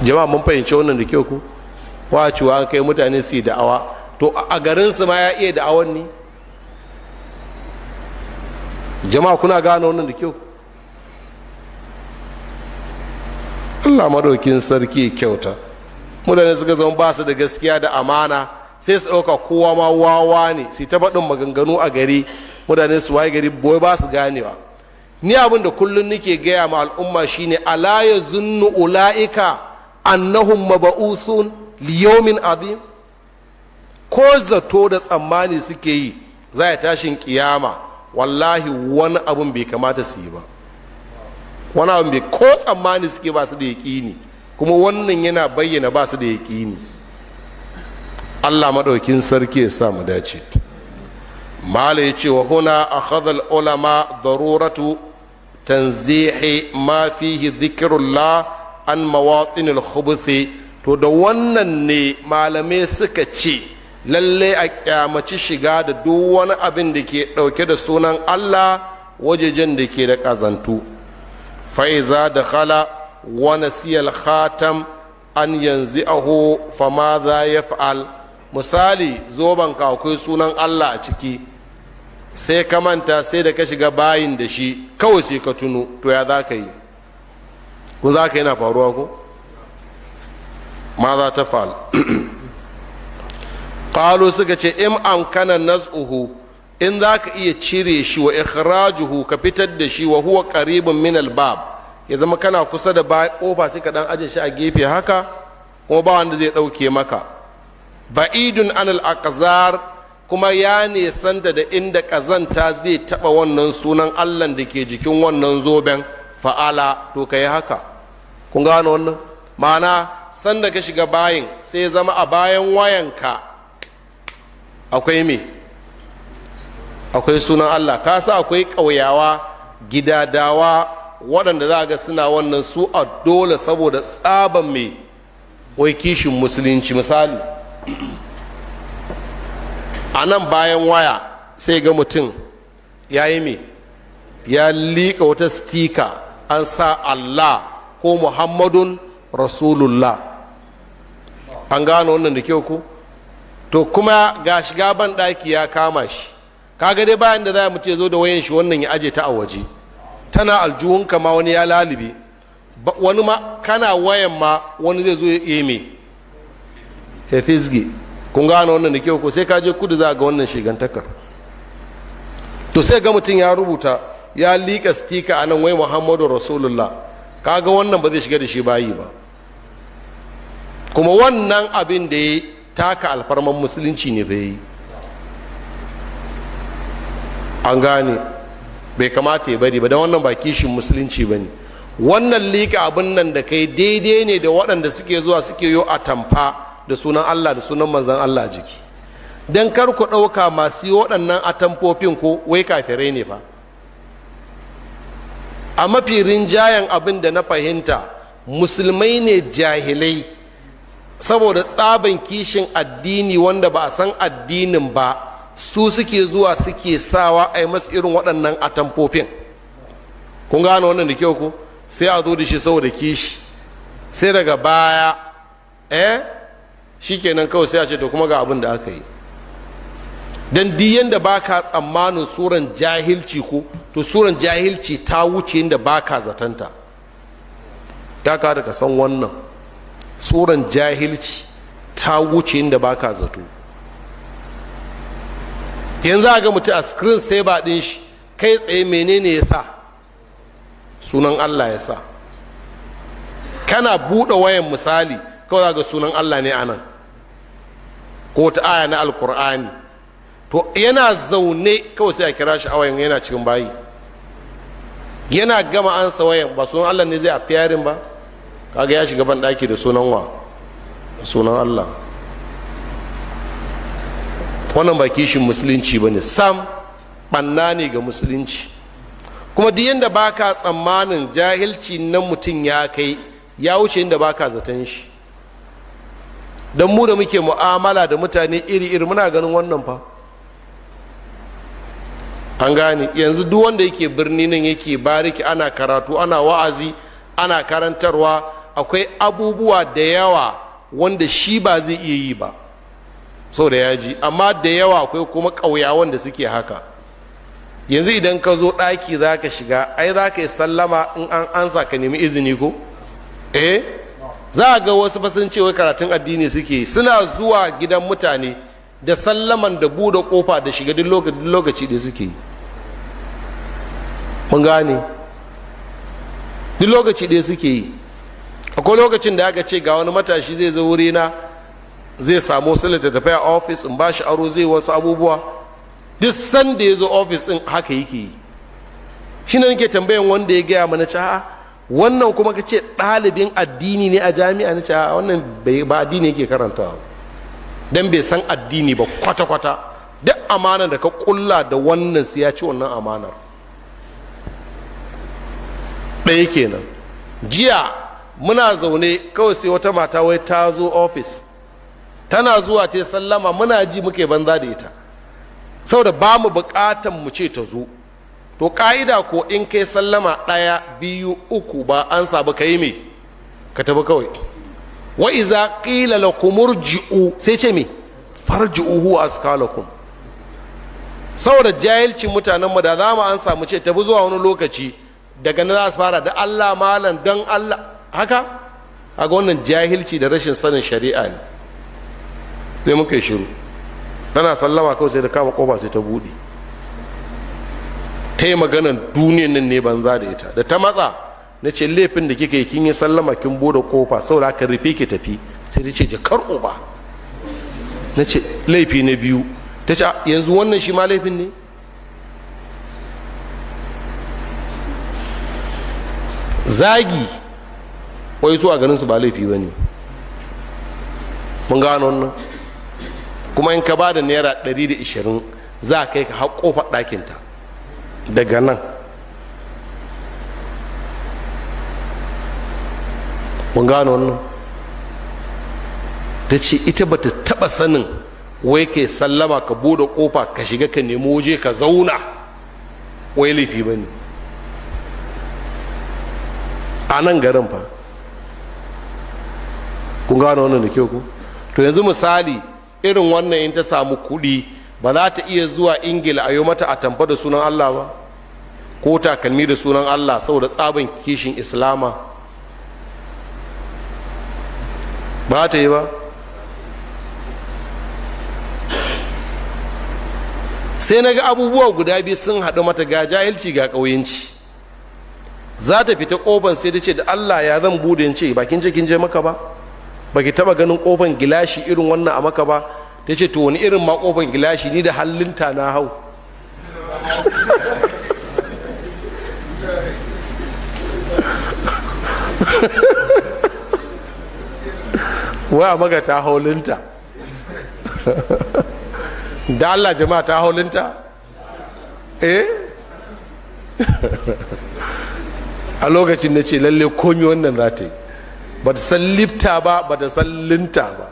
jama'a mun fahimci wannan da kyau ku wa cewa an kai mutane su yi da'awa to a garinsu ma ya iya da'awan ne jama'a kuna gane wannan da kyau allah maɗaukin sarki kyauta mutane suka zama ba su da gaskiya da amana sai su ɗauka kowa ma wawa ne su ta faɗin maganganu a gari mutane su waye gari boye ba su ganewa ni abin da kullum nake gaya ma al'umma shine ala ya zunnu ula'ika annahum maba'usun liyomin azim ko zato da tsammani suke yi za ya tashin kiyama wallahi wani abin bai kamata su yi ba wani abin bai ko tsammani suke ba su da yaƙini kuma wannan yana bayyana ba su da yaƙini allah maɗaukin sarki ya sa mu dace mala ya ce wa huna a hadal ulama daruratu tanzihi ma fihi zikirullah an mawatsinil alhubuthi to da wannan ne malamai suka ce lalle a kyamaci shiga da duk wani abin da ke dauke da sunan allah wajejen da ke da ƙazantu fa'iza da khala wani siyal khatam an yanzu aho fama za ya fa'al misali zoben akwai sunan allah a ciki sai ka manta sai da ka shiga bayin da shi kawai sai ka tunu to ya za ka yi ko za ka yi na faruwa ko ma za ta fal ƙalo *clears throat* suka ce im kana naz'uhu in za ka iya cire shi wa ikhrajuhu ka fitar da shi wa huwa karibin min albab ya zama kana kusa da ba kofa sai ka dan aje shi a gefe haka kuma ba wanda zai ɗauke maka ba'idun anil aqzar kuma ya ne sanda da inda ƙazanta zai taɓa wannan sunan allah da ke jikin wannan zoben fa'ala to ka yi haka kun gano wannan ma'ana sanda ka shiga bayin sai zama a bayan wayanka akwai me akwai sunan allah ka sa akwai ƙauyawa gidadawa waɗanda za ga suna wannan su a dole saboda tsaban mai wai kishin musulunci misali a nan bayan waya sai ga mutum ya yi me ya liƙa wata stika an sa allah ko muhammadun rasulullah an gano wannan da kyau ku to kuma ga shiga ban ɗaki ya kama shi kaga dai bayan da za mu ce zo da wayan shi wannan ya aje ta a waje tana aljuhunka ma wani ya lalibe wani ma kana wayan ma wani zai zo ya yi me ya fisge kun gane wannan da kyau ko sai ka je kudu za ga wannan shigantakar to sai ga mutum ya rubuta ya liƙa stika a nan wai muhammadu rasulullah ga wannan ba zai shiga da shi bayi ba kuma wannan abin da ya taka alfarman musulunci ne bai yi an gane bai kamata ya bari ba don wannan ba kishin musulunci ba ne wannan liƙa abin nan da kai daidai ne da waɗanda suke zuwa suke yo a tamfa da sunan Allah da sunan manzan Allah jiki don kar ku ɗauka masu waɗannan atamfofin ko wai kafirai ne ba a mafi rinjayen abin da na fahimta musulmai ne jahilai saboda tsaban kishin addini wanda ba a san addinin ba su suke zuwa suke sawa a yi masu irin waɗannan atamfofin kun gane wannan da kyau ku sai a zo da shi saboda kishi sai daga baya eh shikenan kawai sai a ce to kuma ga abin da aka yi don duk baka tsammanin suran jahilci ko to suran jahilci ta wuce yanda baka zatanta ya ka ka san wannan suran jahilci ta wuce yanda baka zato yanzu a ga mutum a screen saver din shi kai tsaye menene ya sa sunan allah ya sa kana buɗe wayan misali kawai ga sunan allah ne anan ko ta aya na alkur'ani to yana zaune kawai sai a kira shi a yana cikin bayi yana gama an wayan ba sunan allah ne zai a fiyarin ba kaga ya shiga ban daki da sunan wa sunan allah wannan ba kishin musulunci ba ne sam banna ne ga musulunci kuma duk yadda ba ka tsammanin jahilci nan mutum ya kai ya wuce inda ba ka zaton shi don mu da muke mu'amala da mutane iri-iri muna ganin wannan fa an gane yanzu duk wanda yake birni nan yake bariki ana karatu ana wa'azi ana karantarwa akwai abubuwa da yawa wanda shi ba zai iya yi ba so da ya ji amma da yawa akwai kuma ƙauya wanda suke haka yanzu idan ka zo ɗaki za ka shiga ai za ka yi sallama in an ansa ka nemi izini ko eh za a ga wasu ba sun karatun addini suke suna zuwa gidan mutane da sallaman da buɗe kofa da shiga duk lokaci da suke mun gane duk lokaci da suke yi akwai lokacin da aka ce ga wani matashi zai zo wurina zai samu ta littattafai a ofis in ba shi aro zai wasu abubuwa duk sanda ya zo ofis din haka yake yi shi ne nake tambayan wanda ya gaya mana na a'a wannan kuma ka ce ɗalibin addini ne a jami'a na a wannan ba addini yake karantawa don bai san addini ba kwata-kwata duk amanar da ka kulla da wannan su ya ci wannan amanar ɗaya kenan jiya muna zaune kawai sai wata mata wai ta zo ofis tana zuwa ta sallama muna ji muke banza da ita saboda ba mu bukatan mu ce ta zo to ka'ida ko in kai sallama ɗaya biyu uku ba an sabu ka yi me ka tafi kawai wa iza qila lakum urji'u sai ce me farji'u huwa askalakum saboda jahilcin mutanen mu da za mu an samu ce tafi zuwa wani lokaci daga nan za su fara da Allah malam dan Allah haka a ga wannan jahilci da rashin sanin shari'a ne sai muka yi shiru tana sallama kawai sai da kama kofa sai ta buɗe ta yi magana duniyan nan ne banza da ita da ta matsa na ce laifin da kika yi kin yi sallama kin bude kofa saboda ka rufe ki tafi sai ta ce ji kar uba na ce laifi na biyu ta ce yanzu wannan shi ma laifin ne zagi wai su a ganin su ba laifi ba ne mun gano wannan kuma in ka ba da naira 120 za ka kai ka haƙo ɗakinta daga nan mun gano wannan ta ce ita bata taba sanin wai ke sallama ka bude kofa ka shiga ka nemo waje ka zauna wai laifi ba ne a nan garin fa kun gano wannan da kyau ku to yanzu misali irin wannan in ta samu kuɗi ba za ta iya zuwa ingila a yi mata a tamba da sunan allah ba ko takalmi da sunan allah saboda tsabin kishin islama ba ta yi ba sai na ga abubuwa guda biyu sun haɗu mata ga jahilci ga ƙauyenci za ta fita ƙofan sai ta ce da allah ya zan bude ce bakin je kin je maka ba ki taba ganin ƙofan gilashi irin wannan a maka ba ta ce to wani irin makofan gilashi ni da hallinta na hau *laughs* wa maga ta haulinta *laughs* da allah jama'a ta haulinta eh *laughs* a lokacin na ce lalle komi wannan za ta yi ba ta san lifta ba ba ta san linta ba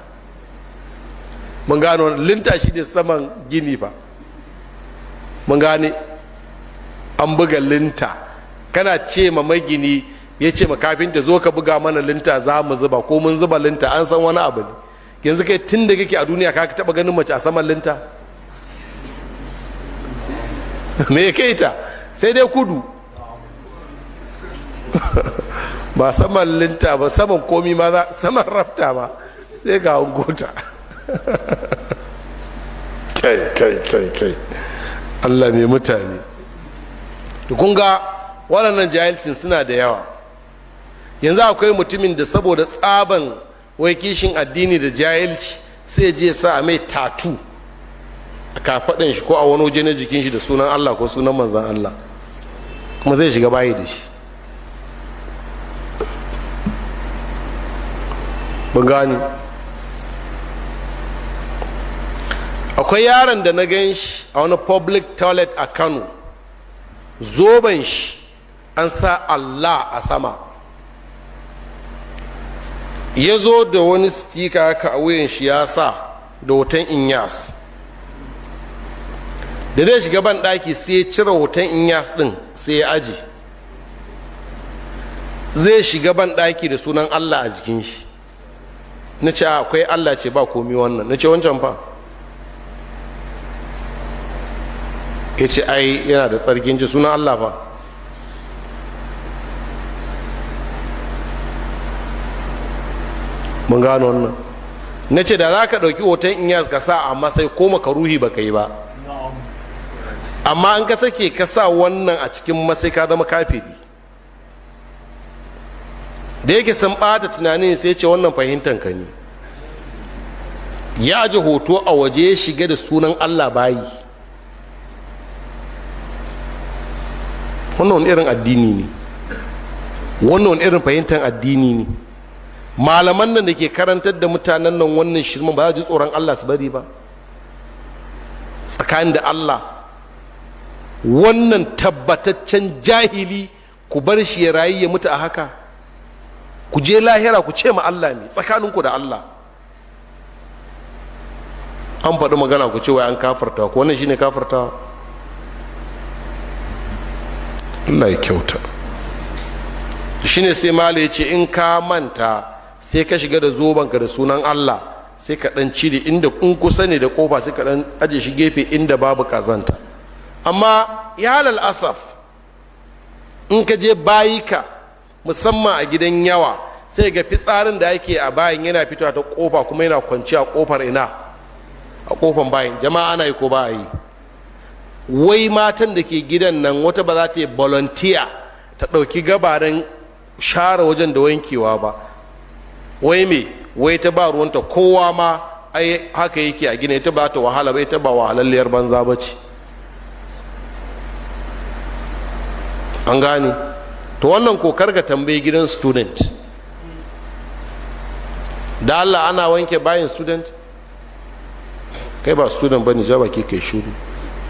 mun gano linta shi ne saman gini ba mun gane an buga linta kana ce ma magini ya ce ma kafinta zo ka buga mana linta za mu zuba ko mun zuba linta an san wani abu ne yanzu kai tun da kake a duniya ka taba ganin mace a saman linta me kai ta sai dai kudu *laughs* ba saman linta ba saman komi ma saman rafta ba sai ga gota *laughs* kai kai kai kai allah mai mutane da kun ga waɗannan jahilcin suna da yawa yanzu akwai mutumin da saboda tsaban wai kishin addini da jahilci sai je sa a mai tatu a kafaɗin shi ko a wani waje na jikin shi da sunan allah ko sunan manzan allah kuma zai shiga bayi da shi ban gani akwai yaron da na gan shi a wani public toilet a kano zoben shi an sa allah a sama ya zo da wani stika ka a wuyan shi ya sa da hoton inyas da zai shiga ban ɗaki sai ya cire hoton inyas ɗin sai ya aji zai shiga ban ɗaki da sunan allah a jikin shi na ce akwai allah ce ba komi wannan na ce wancan fa ya ce ai yana da tsarkin ji sunan allah ba mun gano wannan na ce da za ka ɗauki hoton in ka sa amma sai ko makaruhi ba ka yi ba amma an ka sake ka sa wannan a cikin masai ka zama kafiri da yake sun ɓata tunanin sai ce wannan fahimtar ka ne ya ji hoto a waje ya shiga da sunan allah bayi wannan wani irin addini ne wannan irin fahimtar addini ne malaman nan da ke karantar da mutanen nan wannan shirman ba za ji tsoron allah su bari ba tsakanin da allah wannan tabbataccen jahili ku bar shi ya rayu ya mutu a haka ku je lahira ku ce ma allah ne tsakaninku da allah an faɗi magana ku ce wai an kafarta ku wannan shi ne kafartawa Allah ya kyauta ne sai mala ya ce in ka manta sai ka shiga da zobanka da sunan Allah sai ka dan cire inda kun kusa ne da kofa sai ka dan aje shi gefe inda babu kazanta amma ya asaf in ka je bayika musamman a gidan yawa sai ga fitsarin da ake a bayan yana fitowa ta kofa kuma yana kwanciya kofar ina a kofan bayan jama'a ana yi ko ba a yi wai matan da ke gidan nan wata ba za ta yi volunteer ta ɗauki gabarin share wajen da wankewa ba wai me wai ta ba ruwanta kowa ma ai haka yake a gina ita ba ta wahala ba ita ba wahalalliyar banza ba ce an gane to wannan kokar ga tambayi gidan student da Allah ana wanke bayan student kai ba student ba ni jaba ke kai shuru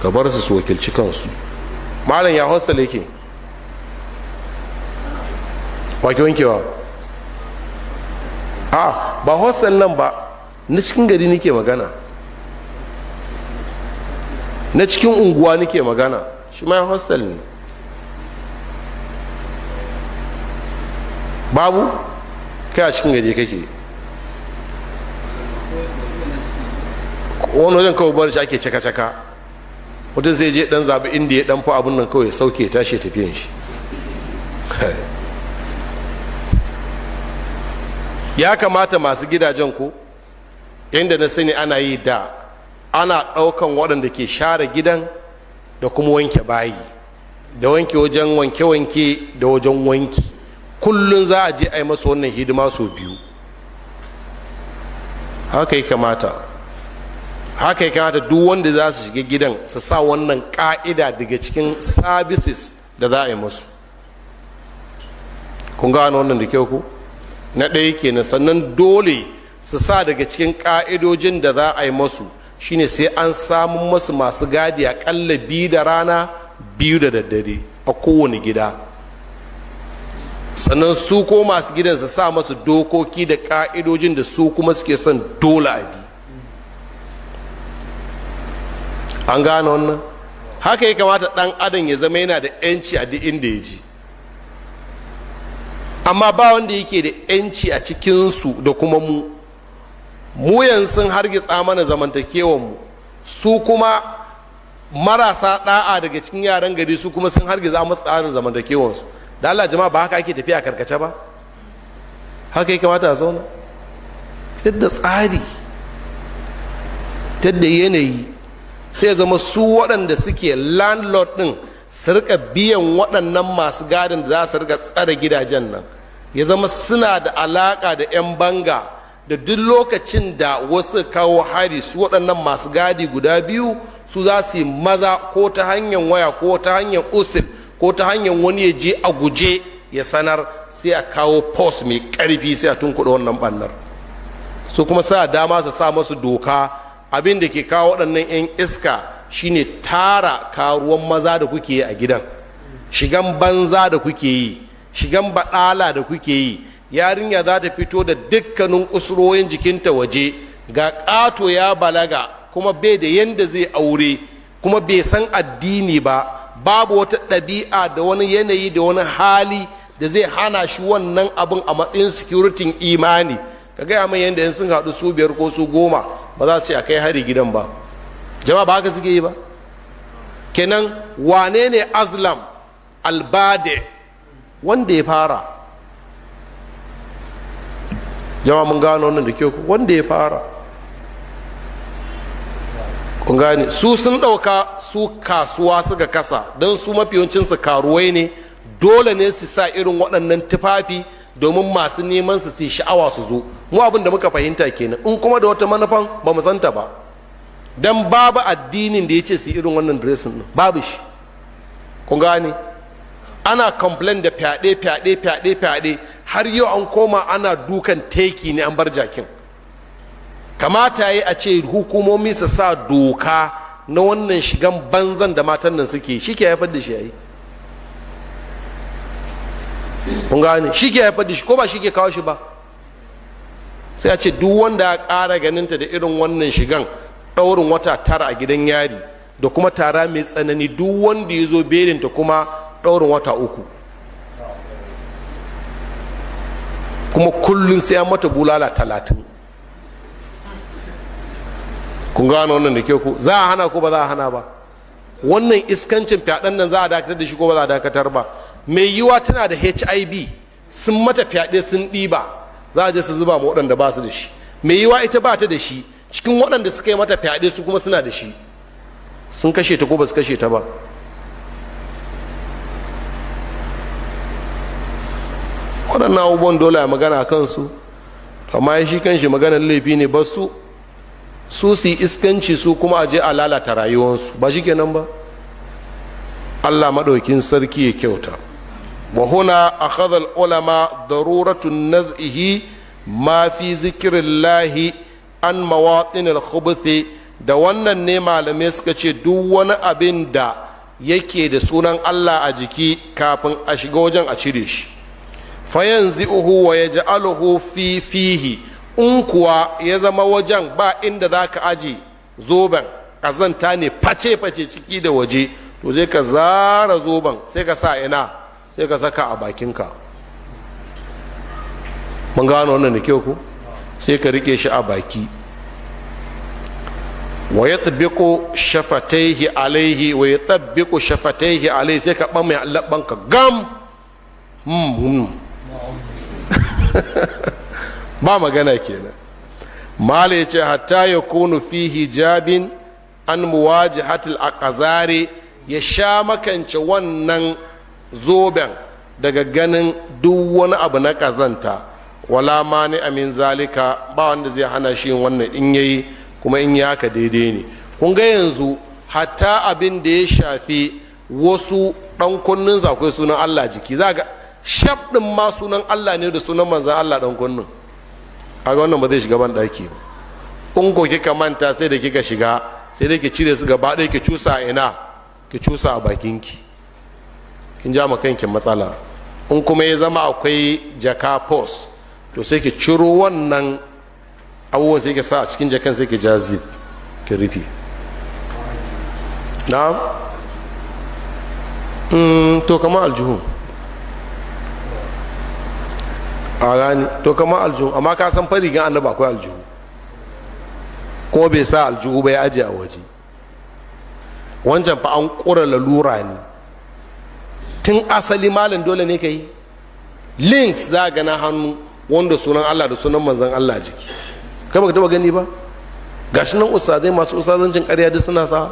ka bar su su wakilci kansu malam ya hostel yake wake wankewa a ba hostel nan ba na cikin gari nake magana na cikin unguwa nake magana shi ma hostel ne babu kai a cikin gari kake wani wajen kawai bar shi ake caka-caka mutum sai je dan zaɓi inda ya dan fa abun nan kawai sauke tashi tafiyan shi *laughs* ya kamata masu gidajen ku inda na sani ana yi da ana ɗaukan waɗanda ke share gidan da kuma wanke bayi da wanke wajen wanke-wanke da wajen wanki kullum za a je a yi masu wannan hidima sau biyu haka yi kamata haka ya kamata duk wanda za su shiga gidan su sa wannan ka'ida daga cikin services da za a yi masu kun gano wannan da kyau ku na ɗaya kenan sannan dole su sa daga cikin ka'idojin da za a yi masu shine sai an samu masu masu gadi aƙalla biyu da rana biyu da daddare a kowane gida sannan su ko masu gidan su sa masu dokoki da ka'idojin da su kuma suke son dole a bi an gane wannan haka ya kamata ɗan adam ya zama yana da 'yanci a duk inda ya ji amma ba wanda yake da 'yanci a cikinsu da kuma mu mu yanzu hargitsa mana mu su kuma marasa da'a daga cikin yaran gari su kuma sun hargitsa masu tsarin zamantakewansu da Allah jama'a ba haka ake tafiya karkace ba haka ya kamata a zauna yadda tsari yadda yanayi sai zama su waɗanda suke landlord ɗin su rika biyan waɗannan masu gadin da za su rika tsare gidajen nan ya zama suna da alaka da 'yan banga da duk lokacin da wasu kawo hari su waɗannan masu gadi guda biyu su za su yi maza ko ta hanyar waya ko ta hanyar usul ko ta hanyar wani ya je a guje ya sanar sai a kawo post mai ƙarfi sai a tunkuɗa wannan bannar su kuma sa dama su sa masu doka abin da ke kawo waɗannan 'yan iska shine tara karuwan maza da kuke yi a gidan shigan banza da kuke yi shigan baɗala da kuke yi yarinya za ta fito da dukkanin usurowin jikinta waje ga ƙato ya balaga kuma bai da yanda zai aure kuma bai san addini ba babu wata ɗabi'a da wani yanayi da wani hali da zai hana shi wannan abin a matsayin security imani ka gaya mai yadda yan sun haɗu su biyar ko su goma ba za su ce a kai hari gidan ba jama'a ba haka suke yi ba kenan wane ne azlam albade wanda ya fara jama'a mun gano wannan da kyau wanda ya fara kun gane su sun ɗauka su kasuwa suka kasa don su mafi karuwai ne dole ne su sa irin waɗannan tufafi domin masu neman su sai sha'awa su zo mu abin da muka fahimta kenan in kuma da wata manufan ba mu santa ba dan babu addinin da ya ce su irin wannan dressing din babu shi kun gane ana complain da fyaɗe fyaɗe fyaɗe fyaɗe har yau an koma ana dukan teki ne an bar jakin kamata yi a ce hukumomi su sa doka na wannan shigan banzan da matan nan suke shi ke haifar da shi yayi kun gane shi ke haifar da shi ko ba shi ke kawo shi ba sai a ce duk wanda ya ƙara ganinta da irin wannan shigan ɗaurin wata tara a gidan yari da kuma tara mai tsanani duk wanda ya zo belinta kuma ɗaurin wata uku kuma kullum sai an mata bulala talatin kun gano wannan da ke ku za a hana ko ba za a hana ba wannan iskancin fyaɗen nan za a dakatar da shi ko ba za a dakatar ba mai yiwa tana da hiv sun mata fyaɗe sun ɗiba za a je su zuba ma waɗanda ba su da shi mai yiwa ita ba ta da shi cikin waɗanda suka yi mata fyaɗe su kuma suna da shi sun kashe ta ko ba su kashe ta ba waɗannan abubuwan dole a magana a kansu amma shi kan shi maganar laifi ne ba su su su iskanci su kuma a je a lalata rayuwarsu ba shi kenan ba allah maɗaukin sarki ya kyauta وهنا أخذ العلماء ضرورة نزعه ما في ذكر الله عن مواطن الخبث da wannan ne malamai suka ce duk wani abin da yake da sunan Allah a jiki kafin a shiga wajen a cire shi fayan zi'uhu wa ya ja'aluhu fi fihi in kuwa ya zama wajen ba inda za ka aji zoben ƙazanta ne face-face ciki da waje to zai ka zara zoben sai ka sa ina sai ka saka a bakinka mun gano wannan da kyau ku sai ka rike shi a baki wa ya tabbiko shafataihi alaihi wa ya tabbiko shafataihi alaihi sai ka ɓan mai allabanka gam hmm, hmm. *laughs* ba magana kenan mala ya ce hatta ya kunu fi hijabin an muwaji hatil a ya sha makance wannan zoben daga ganin duk wani abu na kazanta wala mani amin zalika ba wanda zai hana shi wannan in yayi kuma in ya haka daidai ne kun ga yanzu hatta abin da ya shafi wasu dan kunnin akwai sunan Allah jiki za ga shaf din ma sunan Allah ne da sunan manzan Allah dan kunnun. kaga wannan ba zai shiga ban daki ba in ko kika manta sai da kika shiga sai da ki cire su gaba ɗaya ki cusa ina ki cusa a bakinki kin ja ma kanki matsala in kuma ya zama akwai jaka post to sai ki ciro wannan abubuwan sai ki sa a cikin jakan sai ki ja zip ki rufe na hmm, to kama aljuhu a gani to kama aljuhu amma ka san fari gan annaba akwai aljuhu ko bai sa aljuhu bai ajiye a waje wancan fa an ƙura lalura ne tun asali malam dole ne ka yi links za ga na hannu wanda sunan allah da sunan manzan allah jiki kai baka taba gani ba gashi nan ustazai masu ustazancin karya duk suna sa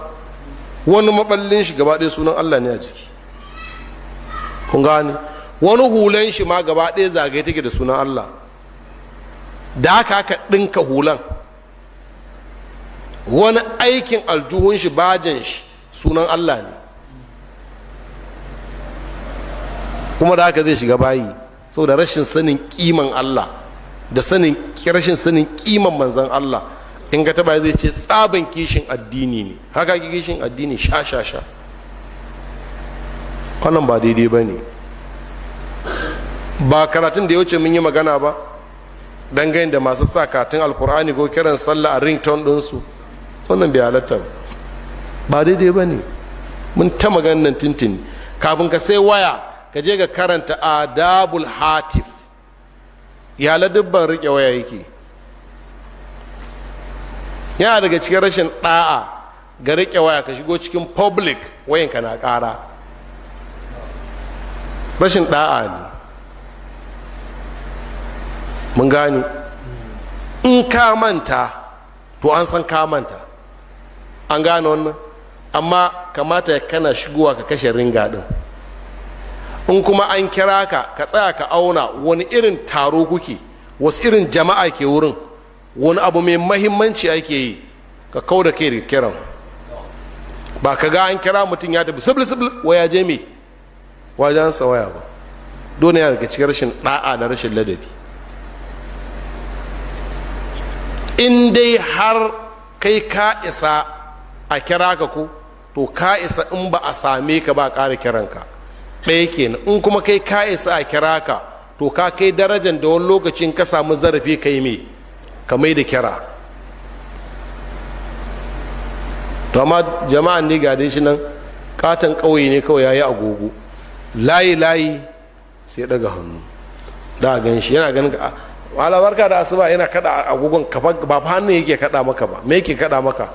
wani maballin shi gaba ɗaya sunan allah ne a jiki kun gane wani hulan shi ma gaba ɗaya zagaye take da sunan allah da haka aka ɗinka hulan wani aikin aljuhun shi bajin shi sunan allah ne kuma da haka zai shiga bayi saboda rashin sanin kiman Allah da sanin rashin sanin kiman manzon Allah in ga taba zai ce tsaban kishin addini ne haka kishin addini sha sha sha wannan ba daidai ba ne ba karatun da ya wuce mun yi magana ba dangane da masu sa katin alkur'ani ko kiran sallah a rington ɗinsu wannan bai halatta ba daidai ba ne mun ta maganin tintin kafin ka sai waya ka je ga karanta adabul hatif yala dubban rike waya yake yana daga cikin rashin ɗa'a ga riƙe waya ka shigo cikin public wayanka na ƙara rashin ɗa'a ne mun gane in ka manta to an san ka manta an gane wannan amma kamata ya kana shigowa ka kashe ringa ɗin in kuma an kira ka ka tsaya ka auna wani irin taro kuke wasu irin jama'a ke wurin wani abu mai mahimmanci ake yi ka kau da kai da kiran ba ka ga an kira mutum ya tafi sibil sibil waya je mai wajen sa waya ba dole yana daga cikin rashin da'a da rashin ladabi in dai har kai ka isa a kira ka ko to ka isa in ba a same ka ba ƙara kiranka ɗaya kenan in kuma kai ka isa a kira ka to ka kai darajar da wani lokacin ka samu zarafi ka yi me ka mai da kira to amma jama'an ne ga shi nan katon ƙauye ne kawai yayi agogo layi layi sai daga hannu da gan shi yana ganin wala ah, barka da asuba yana kada agogon ba hannu hannun yake kada maka ba me yake kada maka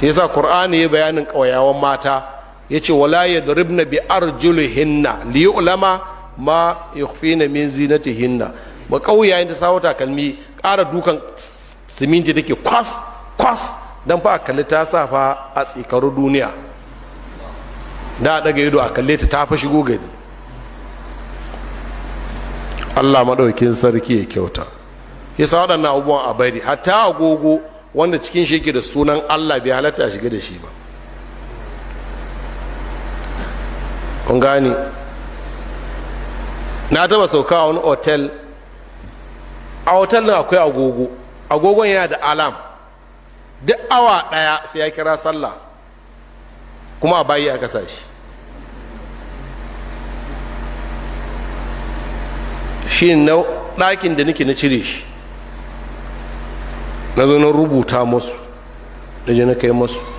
shi yasa qur'ani ya bayanin ƙauyawan mata Ya ce wala yadribna bi arjulihinna li ulama ma yukhfina min zinatihinna ba kauyayen ta sawo takalmi ƙara dukan siminti take kwas kwas dan fa a kalli ta sa fa a tsikaru duniya da daga ido a kalle ta tafi fa shigo gari Allah maɗaukin sarki ya kyauta sa waɗannan abubuwan a bari hatta agogo wanda cikin shi ke da sunan Allah bai halatta shiga da shi ba kun gani na taba sauka a wani otel a otel nan akwai agogo agogon yana da alam duk awa daya sai ya kira sallah kuma a bayi a kasa shi shi na ɗakin da nake na cire shi na zo na rubuta masu na je na kai masu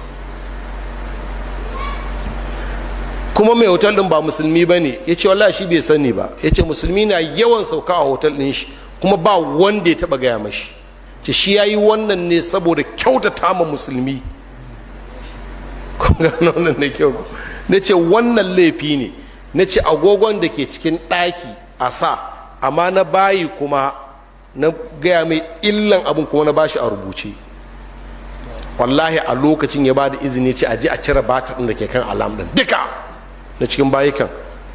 kuma mai hotel din ba musulmi ba ne ya ce wallahi shi bai sani ba ya ce musulmi na yawan sauka a hotel din shi kuma ba wanda ya taba gaya mashi ce shi ya yi wannan ne saboda kyautata ma musulmi wannan ne kyau na ce wannan laifi ne na ce agogon da ke cikin ɗaki a sa amma na bayi kuma na gaya mai illan abin kuma na bashi a rubuce wallahi a lokacin ya ba da izini ce a ji a cire batir da ke kan alam ɗin duka na cikin bayikan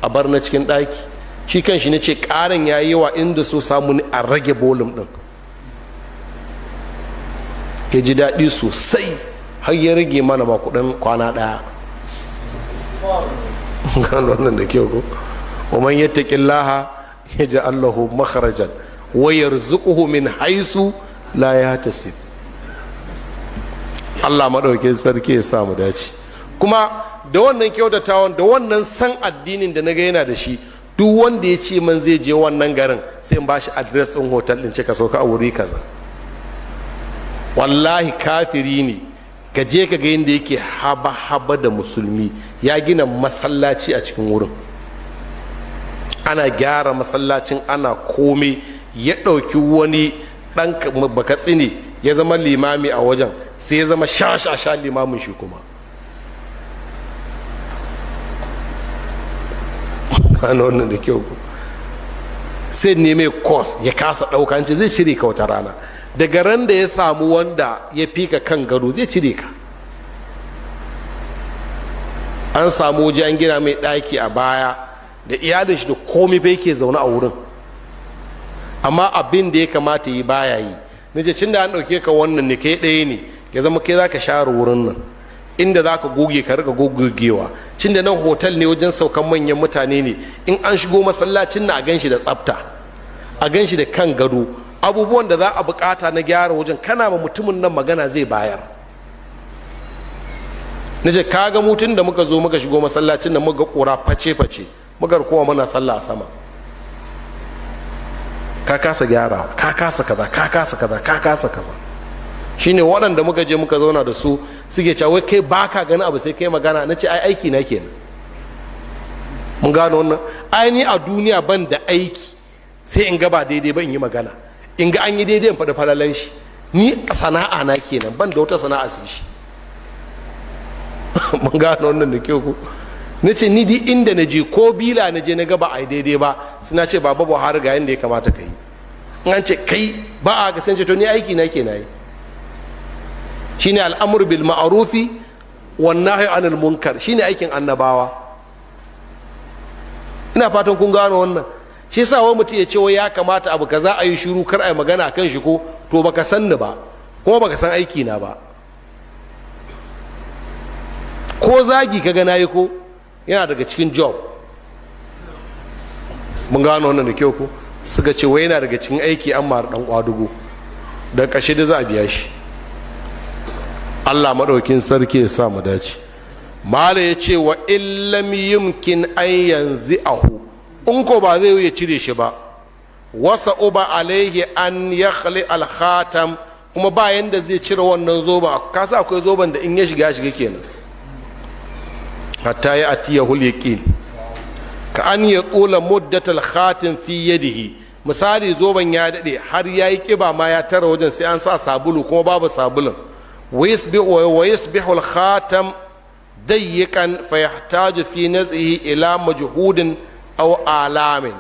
a bar na cikin ɗaki shi kan shi na ce ƙarin ya yi wa inda so samu ne a rage bolum ɗin ya ji daɗi sosai har ya rage mana ma kuɗin kwana ɗaya *laughs* gano wannan da kyau ko umar ya taƙi laha ya ji allahu makarajan wayar zuƙuhu min haisu la ya tasif allah maɗaukin sarki ya samu dace kuma da wannan kyautatawan da wannan san addinin da na ga yana da shi duk wanda ya ce man zai je wannan garin sai in bashi adres ɗin hotel ɗin ce ka sauka a wuri kaza wallahi kafiri ne ka je ka ga yadda yake haba-haba da musulmi ya gina masallaci a cikin wurin ana gyara masallacin ana komai ya ɗauki wani ɗan baka tsini ya zama limami a wajen sai ya zama sha sha limamin shi kuma gano wannan da kyau ku sai mai kos ya kasa ɗauka ce zai cire ka wata rana daga ran da ya samu wanda ya ka kan gado zai cire ka an samu waje an gina mai ɗaki a baya da iyalin shi da komai bai ke zaune a wurin amma abin da ya kamata yi baya yi na ce cin da an ɗauke ka wannan ne kai ɗaya ne ya zama kai za ka share wurin nan inda za ka goge ka riga gogewa cin da nan hotel ne wajen saukan manyan mutane ne in an shigo masallacin na a ganshi da tsafta a gan da kan gado abubuwan da za a bukata na gyara wajen kana ma mutumin nan magana zai bayar na ce kaga mutum da muka zo muka shigo masallacin da muka kura face face muka kowa mana sallah a sama ka kasa gyara ka kasa kaza ka kasa kaza ka kasa kaza shine waɗanda muka je muka zauna da su suke cewa wai kai baka gani abu sai kai magana na ce ai aiki na kenan mun gano wannan ni a duniya ban da aiki sai in ga ba daidai ba in yi magana in ga an yi daidai in faɗi falalan shi ni sana'a na kenan ban da wata sana'a sai shi *laughs* mun gano wannan da kyau ko na ce ni duk inda na je ko bila na je na ga ba a yi daidai ba suna ce baba buhari ga yadda ya kamata ka yi in an ce kai ba a ga sanje to ni aiki na ke na yi shine al'amur bil ma'arufi wannan nahyi anil munkar shine aikin annabawa ina fatan kun gano wannan shi sa wani mutum ya ce wai ya kamata abu kaza a yi shiru kar a yi magana kan shi ko to baka san ni ba ko baka san aiki na ba ko zagi ka gana yi ko yana daga cikin job mun gano wannan da kyau ko suka ce wai yana daga cikin aiki an mara dan kwadugo da kashe da za a biya shi allah maɗaukin sarki ya sa mu dace mala ya ce wa illam yumkin an yanzu ahu in ko ba zai ya cire shi ba wasa uba alaihi an ya khali alhatam kuma ba yanda zai cire wannan zoba sa akwai zoban da in ya shiga shiga kenan hatta ya atiya hul yaqin ka an ya tsula muddatal khatim fi yadihi misali zoban ya dade har yayi kiba ma ya tara wajen sai an sa sabulu kuma babu sabulun ويصبح الخاتم ضيقا فيحتاج في نزعه إلى مجهود أو آلام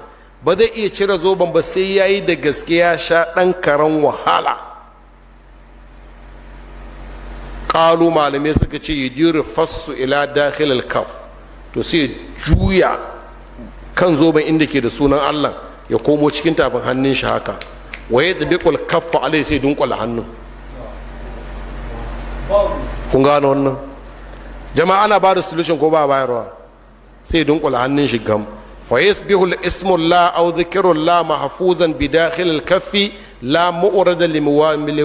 ba zai iya cire zoben ba sai ya yi da gaskiya sha ɗan karan wahala ƙalu malamai suka ce yi jiri fassu ila dakhil kaf to sai juya kan zoben inda ke da sunan allah ya komo cikin tafin hannun shi haka waye da bikul kaffa alai sai dunkula hannu. kun gano wannan jama'a ana bada da solution ko ba bayarwa sai dunkula hannun shi gam fa yasbihu ismu la aw dhikru la mahfuzan bi dakhil al kaffi la mu'rada li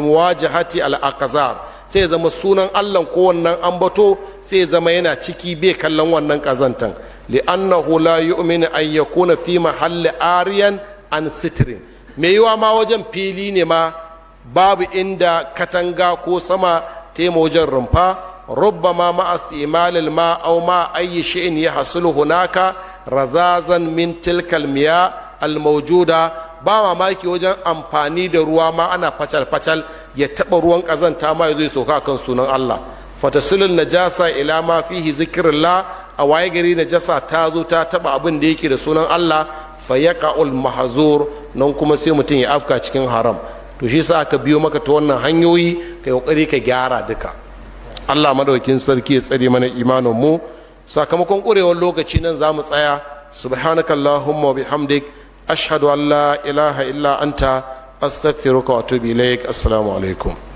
muwajahati al aqzar sai zama sunan allah ko wannan ambato sai zama yana ciki bai kallon wannan kazantan li'annahu la yu'minu an yakuna fi mahalli ariyan an sitrin Me yiwa ma wajen fili ne ma babu inda katanga ko sama tema wajen rumfa ruba ma istimalil ma aw ma ayyi shay'in yahsulu hunaka razazan min tilkal al mawjuda ba mamaki wajen amfani da ruwa ma ana facal facal ya taɓa ruwan ƙazanta ma zai sauka soka kan sunan Allah fatasilun najasa ila ma fihi zikrillah a waye gari najasa ta zo ta taɓa abin da yake da sunan Allah fayaqa'ul mahzur nan kuma sai mutum ya afka cikin haram to shi sa aka biyo maka ta wannan hanyoyi ka kokari ka gyara duka Allah madaukin sarki ya tsare mana imanin mu sakamakon ƙurewar lokaci nan zamu tsaya subhanakallahumma wa bihamdik ashhadu an la ilaha illa anta astaghfiruka wa atubu ilaik assalamu alaikum